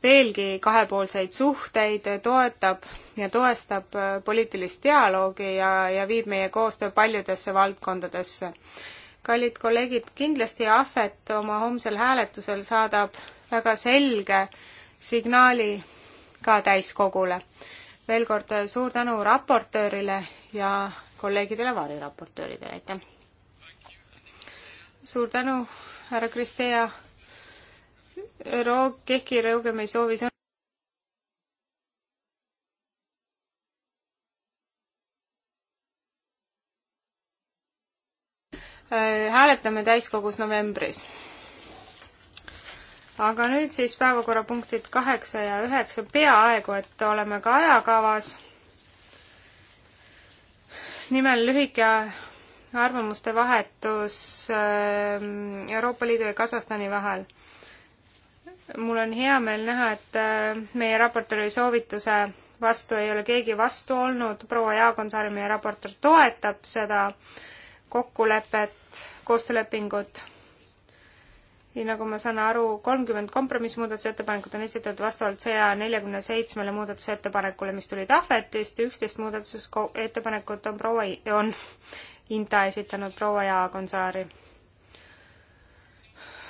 Speaker 1: veelgi kahepoolseid suhteid, toetab ja toestab äh, poliitilist dialoogi ja, ja viib meie koostöö paljudesse valdkondadesse. kallid kolleegid, kindlasti Ahvet oma homsel hääletusel saadab väga selge signaali ka täiskogule. veel kord äh, suur tänu raportöörile ja kolleegidele variraportööridele, aitäh! suur tänu, härra Kristea Roog Kehki Rõugem ei soovi sõna. Äh, hääletame täiskogus novembris. aga nüüd siis päevakorrapunktid kaheksa ja üheksa, peaaegu et oleme ka ajakavas. nimel lühike arvamuste vahetus ähm, Euroopa Liidu ja Kasahstani vahel mul on hea meel näha, et äh, meie raportööri soovituse vastu ei ole keegi vastu olnud, proua Jaagonsaar, meie raportöör, toetab seda kokkulepet, koostöölepingut. nii nagu ma saan aru, kolmkümmend kompromissmuudatusettepanekut on esitatud vastavalt saja neljakümne seitsmele muudatusettepanekule, mis tulid ahvetist, üksteist muudatusettepanekut on proua, on Inta esitanud proua Jaagonsaari.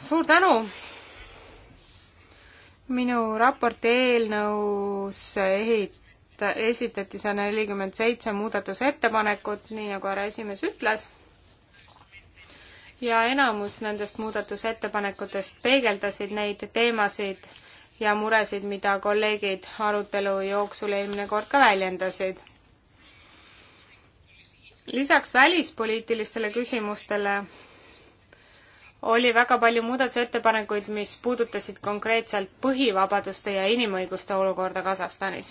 Speaker 1: suur tänu minu raporti eelnõus ehit-, esitati sada nelikümmend seitse muudatusettepanekut, nii nagu härra esimees ütles, ja enamus nendest muudatusettepanekutest peegeldasid neid teemasid ja muresid, mida kolleegid arutelu jooksul eelmine kord ka väljendasid lisaks välispoliitilistele küsimustele oli väga palju muudatusettepanekuid, mis puudutasid konkreetselt põhivabaduste ja inimõiguste olukorda Kasahstanis.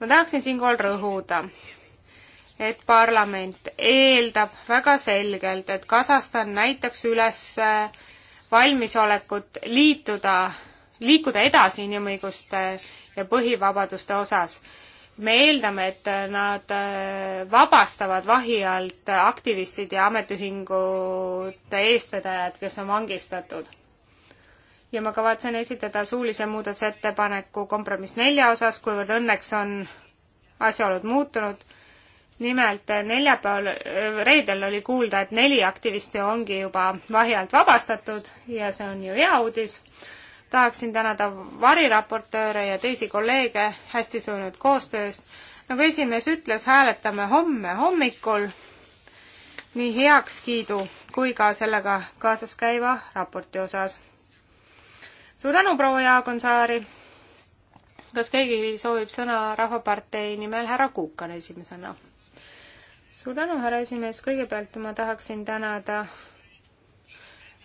Speaker 1: ma tahaksin siinkohal rõhuda, et parlament eeldab väga selgelt, et Kasahstan näitaks üles valmisolekut liituda, liikuda edasi inimõiguste ja põhivabaduste osas me eeldame, et nad äh, vabastavad vahi alt aktivistid ja ametiühingute eestvedajad, kes on vangistatud. ja ma kavatsen esitada suulise muudatusettepaneku kompromiss nelja osas, kuivõrd õnneks on asjaolud muutunud. nimelt äh, neljapäeval, äh, reedel oli kuulda, et neli aktivisti ongi juba vahi alt vabastatud ja see on ju hea uudis tahaksin tänada variraportööre ja teisi kolleege hästi sujunud koostööst. nagu esimees ütles, hääletame homme hommikul nii heakskiidu kui ka sellega kaasas käiva raporti osas. suur tänu, proua Jaagonsaari! kas keegi soovib sõna Rahvapartei nimel, härra Kuuk on esimesena? suur tänu, härra esimees, kõigepealt ma tahaksin tänada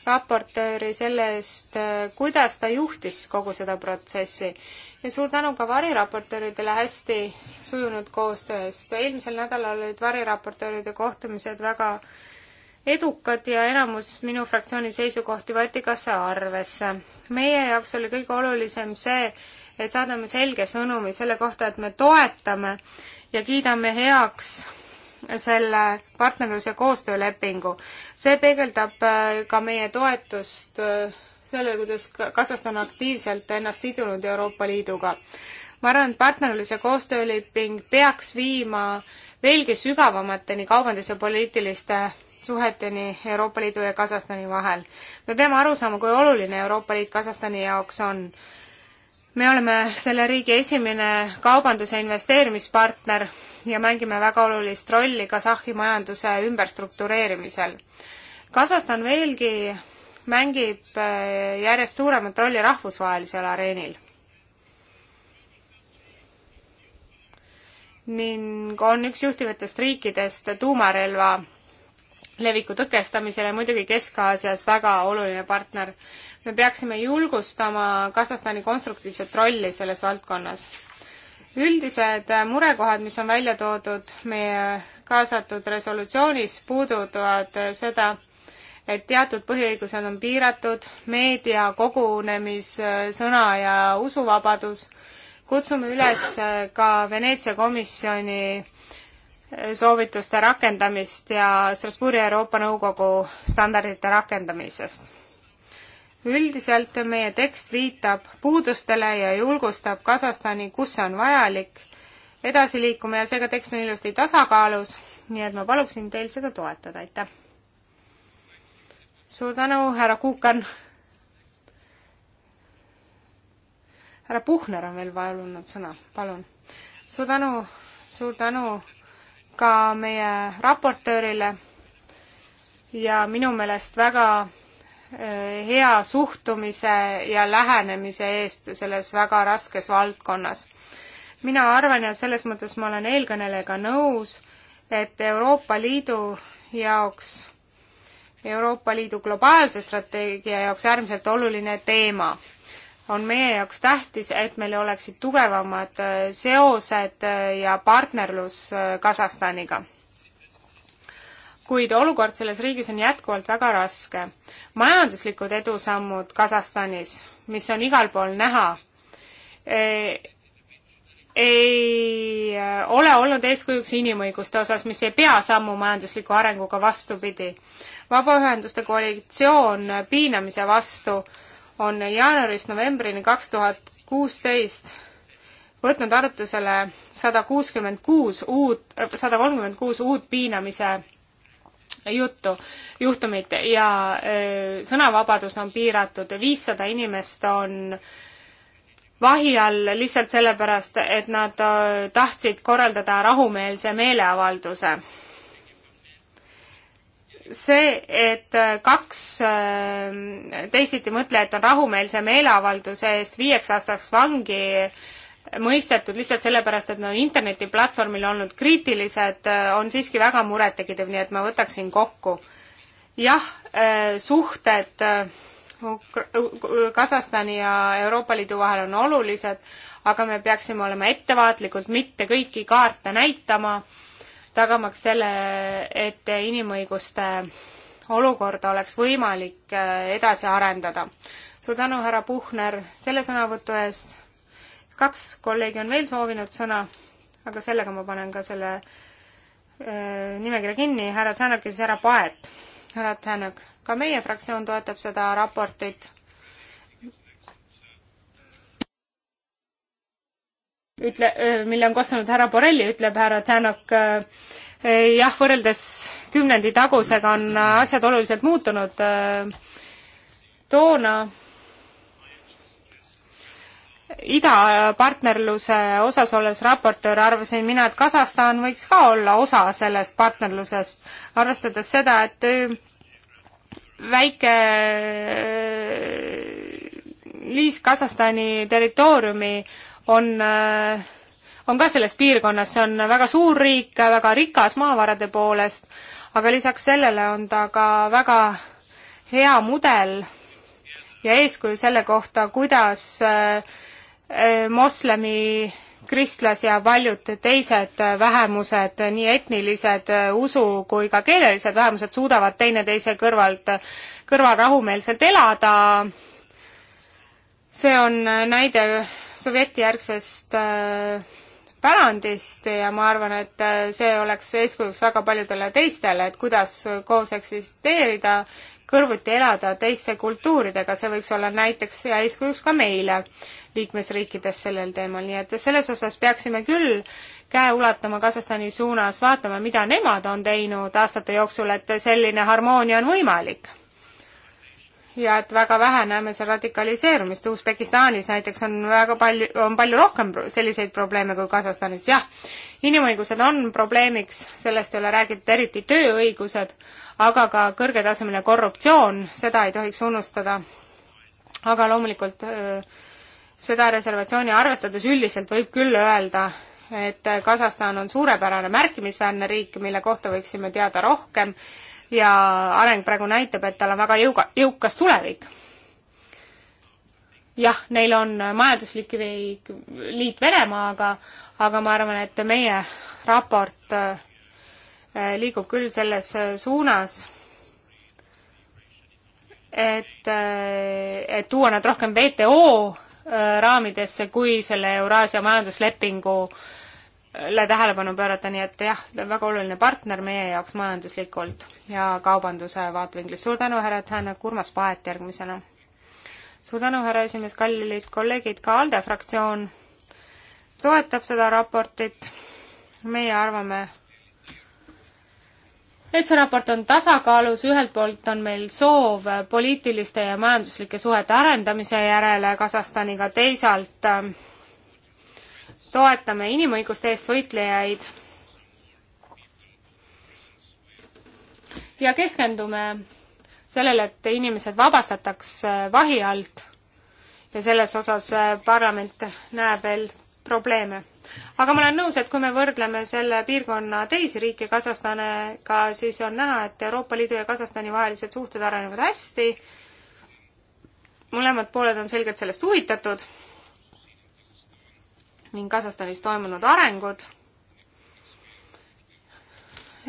Speaker 1: raportööri selle eest, kuidas ta juhtis kogu seda protsessi. ja suur tänu ka variraportööridele hästi sujunud koostöö eest. eelmisel nädalal olid variraportööride kohtumised väga edukad ja enamus minu fraktsiooni seisukohti võeti ka see arvesse. meie jaoks oli kõige olulisem see, et saadame selge sõnumi selle kohta, et me toetame ja kiidame heaks selle partnerlus- ja koostöölepingu. see peegeldab äh, ka meie toetust äh, sellele, kuidas Kasahstan aktiivselt ennast sidunud Euroopa Liiduga. ma arvan, et partnerlus- ja koostööleping peaks viima veelgi sügavamateni kaubandus- ja poliitiliste suheteni Euroopa Liidu ja Kasahstani vahel. me peame aru saama, kui oluline Euroopa Liit Kasahstani jaoks on me oleme selle riigi esimene kaubandus- ja investeerimispartner ja mängime väga olulist rolli Kasahhi majanduse ümberstruktureerimisel. Kasahstan veelgi mängib eh, järjest suuremat rolli rahvusvahelisel areenil. ning on üks juhtivatest riikidest tuumarelva leviku tõkestamisele, muidugi Kesk-Aasias väga oluline partner. me peaksime julgustama Kasahstani konstruktiivset rolli selles valdkonnas. üldised murekohad, mis on välja toodud meie kaasatud resolutsioonis, puudutavad seda, et teatud põhiõigused on piiratud, meedia, kogunemis, sõna- ja usuvabadus. kutsume üles ka Veneetsia komisjoni soovituste rakendamist ja Strasbourgi Euroopa Nõukogu standardite rakendamisest. üldiselt meie tekst viitab puudustele ja julgustab Kasahstani, kus see on vajalik, edasi liikuma ja seega tekst on ilusti tasakaalus, nii et ma paluksin teil seda toetada, aitäh! suur tänu, härra Kuukan! härra Puhner on veel palunud sõna, palun. suur tänu, suur tänu ka meie raportöörile ja minu meelest väga äh, hea suhtumise ja lähenemise eest selles väga raskes valdkonnas. mina arvan ja selles mõttes ma olen eelkõnelejaga nõus, et Euroopa Liidu jaoks, Euroopa Liidu globaalse strateegia jaoks äärmiselt oluline teema on meie jaoks tähtis, et meil oleksid tugevamad äh, seosed äh, ja partnerlus äh, Kasahstaniga. kuid olukord selles riigis on jätkuvalt väga raske. majanduslikud edusammud Kasahstanis, mis on igal pool näha, e, ei ole olnud eeskujuks inimõiguste osas, mis ei pea sammu majandusliku arenguga, vastupidi. vabaühenduste koalitsioon piinamise vastu äh, on jaanuarist novembrini kaks tuhat kuusteist võtnud arutusele sada kuuskümmend kuus uut, sada kolmkümmend kuus uut piinamise juttu, juhtumit ja öö, sõnavabadus on piiratud, viissada inimest on vahi all lihtsalt sellepärast, et nad öö, tahtsid korraldada rahumeelse meeleavalduse see, et kaks ähm, teisitimõtlejat on rahumeelse meeleavalduse eest viieks aastaks vangi mõistetud lihtsalt sellepärast, et nad on internetiplatvormil olnud kriitilised, äh, on siiski väga murettekitav, nii et ma võtaksin kokku. jah, äh, suhted äh, Kasahstani ja Euroopa Liidu vahel on olulised, aga me peaksime olema ettevaatlikud, mitte kõiki kaarte näitama tagamaks selle, et inimõiguste olukorda oleks võimalik äh, edasi arendada. suur tänu, härra Puhner, selle sõnavõtu eest. kaks kolleegi on veel soovinud sõna, aga sellega ma panen ka selle äh, nimekirja kinni, härra Tänak ja siis härra Paet. härra Tänak, ka meie fraktsioon toetab seda raportit ütle, mille on koostanud härra Borrelli, ütleb härra Tänak, jah, võrreldes kümnendi tagusega on asjad oluliselt muutunud. toona idapartnerluse osas olles raportöör, arvasin mina, et Kasahstan võiks ka olla osa sellest partnerlusest, arvestades seda, et väike liis Kasahstani territooriumi on äh, on ka selles piirkonnas, see on väga suur riik, väga rikas maavarade poolest, aga lisaks sellele on ta ka väga hea mudel ja eeskuju selle kohta, kuidas äh, moslemi, kristlas ja paljud teised vähemused, nii etnilised, usu kui ka keelelised vähemused suudavad teineteise kõrvalt, kõrval rahumeelselt elada. see on näide sovjetijärgsest äh, pärandist ja ma arvan, et äh, see oleks eeskujuks väga paljudele teistele, et kuidas koos eksisteerida, kõrvuti elada teiste kultuuridega, see võiks olla näiteks ja eeskujuks ka meile liikmesriikides sellel teemal, nii et selles osas peaksime küll käe ulatama Kasahstani suunas, vaatama, mida nemad on teinud aastate jooksul, et selline harmoonia on võimalik ja et väga vähe näeme seal radikaliseerumist. Usbekistanis näiteks on väga palju, on palju rohkem selliseid probleeme kui Kasahstanis, jah. inimõigused on probleemiks, sellest ei ole räägitud, eriti tööõigused, aga ka kõrgetasemeline korruptsioon, seda ei tohiks unustada. aga loomulikult seda reservatsiooni arvestades üldiselt võib küll öelda, et Kasahstan on suurepärane märkimisväärne riik, mille kohta võiksime teada rohkem ja areng praegu näitab, et tal on väga jõuga, jõukas tulevik. jah, neil on majanduslik liit Venemaaga, aga ma arvan, et meie raport äh, liigub küll selles äh, suunas, et, äh, et tuua nad rohkem WTO raamidesse kui selle Euraasia majanduslepingu äh, üle tähelepanu pöörata, nii et jah, ta on väga oluline partner meie jaoks majanduslikult ja kaubanduse vaatevinklist. suur tänu, härra Tänak, Urmas Paet järgmisena. suur tänu, härra esimees, kallid kolleegid, ka ALDE fraktsioon toetab seda raportit. meie arvame, et see raport on tasakaalus, ühelt poolt on meil soov poliitiliste ja majanduslike suhete arendamise järele Kasahstaniga, teisalt äh, toetame inimõiguste eest võitlejaid ja keskendume sellele, et inimesed vabastataks äh, vahi alt ja selles osas äh, parlament näeb veel probleeme. aga ma olen nõus, et kui me võrdleme selle piirkonna teisi riike Kasahstaniga, siis on näha, et Euroopa Liidu ja Kasahstani vahelised suhted arenevad hästi, mõlemad pooled on selgelt sellest huvitatud ning Kasahstanis toimunud arengud,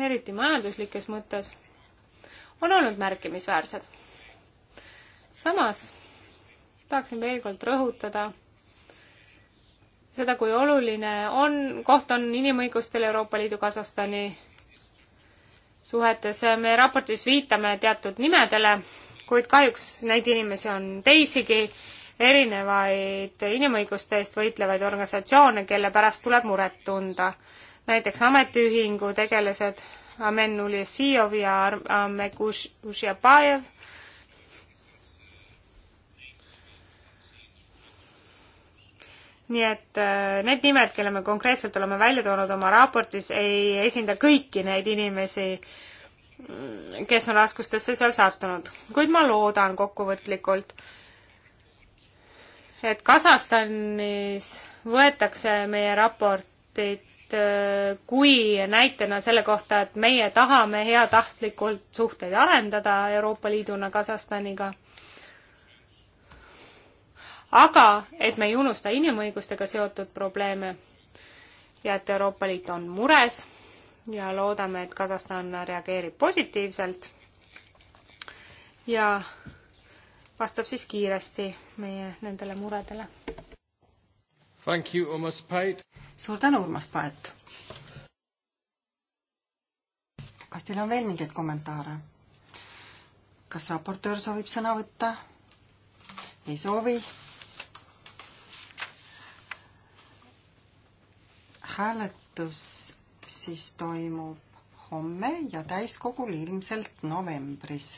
Speaker 1: eriti majanduslikes mõttes, on olnud märkimisväärsed. samas tahaksin veel kord rõhutada seda, kui oluline on, koht on inimõigustel Euroopa Liidu Kasahstani suhetes. me raportis viitame teatud nimedele, kuid kahjuks neid inimesi on teisigi erinevaid inimõiguste eest võitlevaid organisatsioone, kelle pärast tuleb muret tunda. näiteks ametiühingu tegelased Amen Ulisijov ja Amekuš-, Ušjapajev, nii et äh, need nimed, kelle me konkreetselt oleme välja toonud oma raportis, ei esinda kõiki neid inimesi, mm, kes on raskustesse seal sattunud. kuid ma loodan kokkuvõtlikult, et Kasahstanis võetakse meie raportit äh, kui näitena selle kohta, et meie tahame heatahtlikult suhteid arendada Euroopa Liiduna Kasahstaniga aga et me ei unusta inimõigustega seotud probleeme ja et Euroopa Liit on mures ja loodame, et Kasahstan reageerib positiivselt. ja vastab siis kiiresti
Speaker 2: meie nendele muredele. suur tänu, Urmas Paet! kas teil on veel mingeid kommentaare? kas raportöör soovib sõna võtta? ei soovi? hääletus siis toimub homme ja täiskogul ilmselt novembris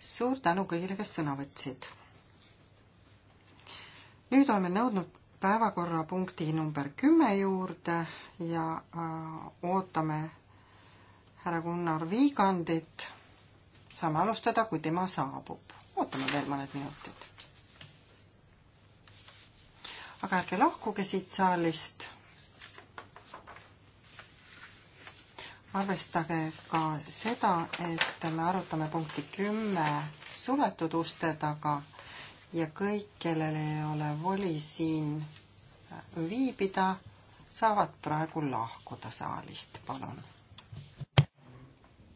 Speaker 2: suur tänu kõigile, kes sõna võtsid. nüüd oleme nõudnud päevakorrapunkti number kümme juurde ja äh, ootame härra Gunnar Viigandit. saame alustada, kui tema saabub. ootame veel mõned minutid. aga ärge lahkuge siit saalist arvestage ka seda, et me arutame punkti kümme suletud uste taga ja kõik, kellel ei ole voli siin viibida, saavad praegu lahkuda saalist, palun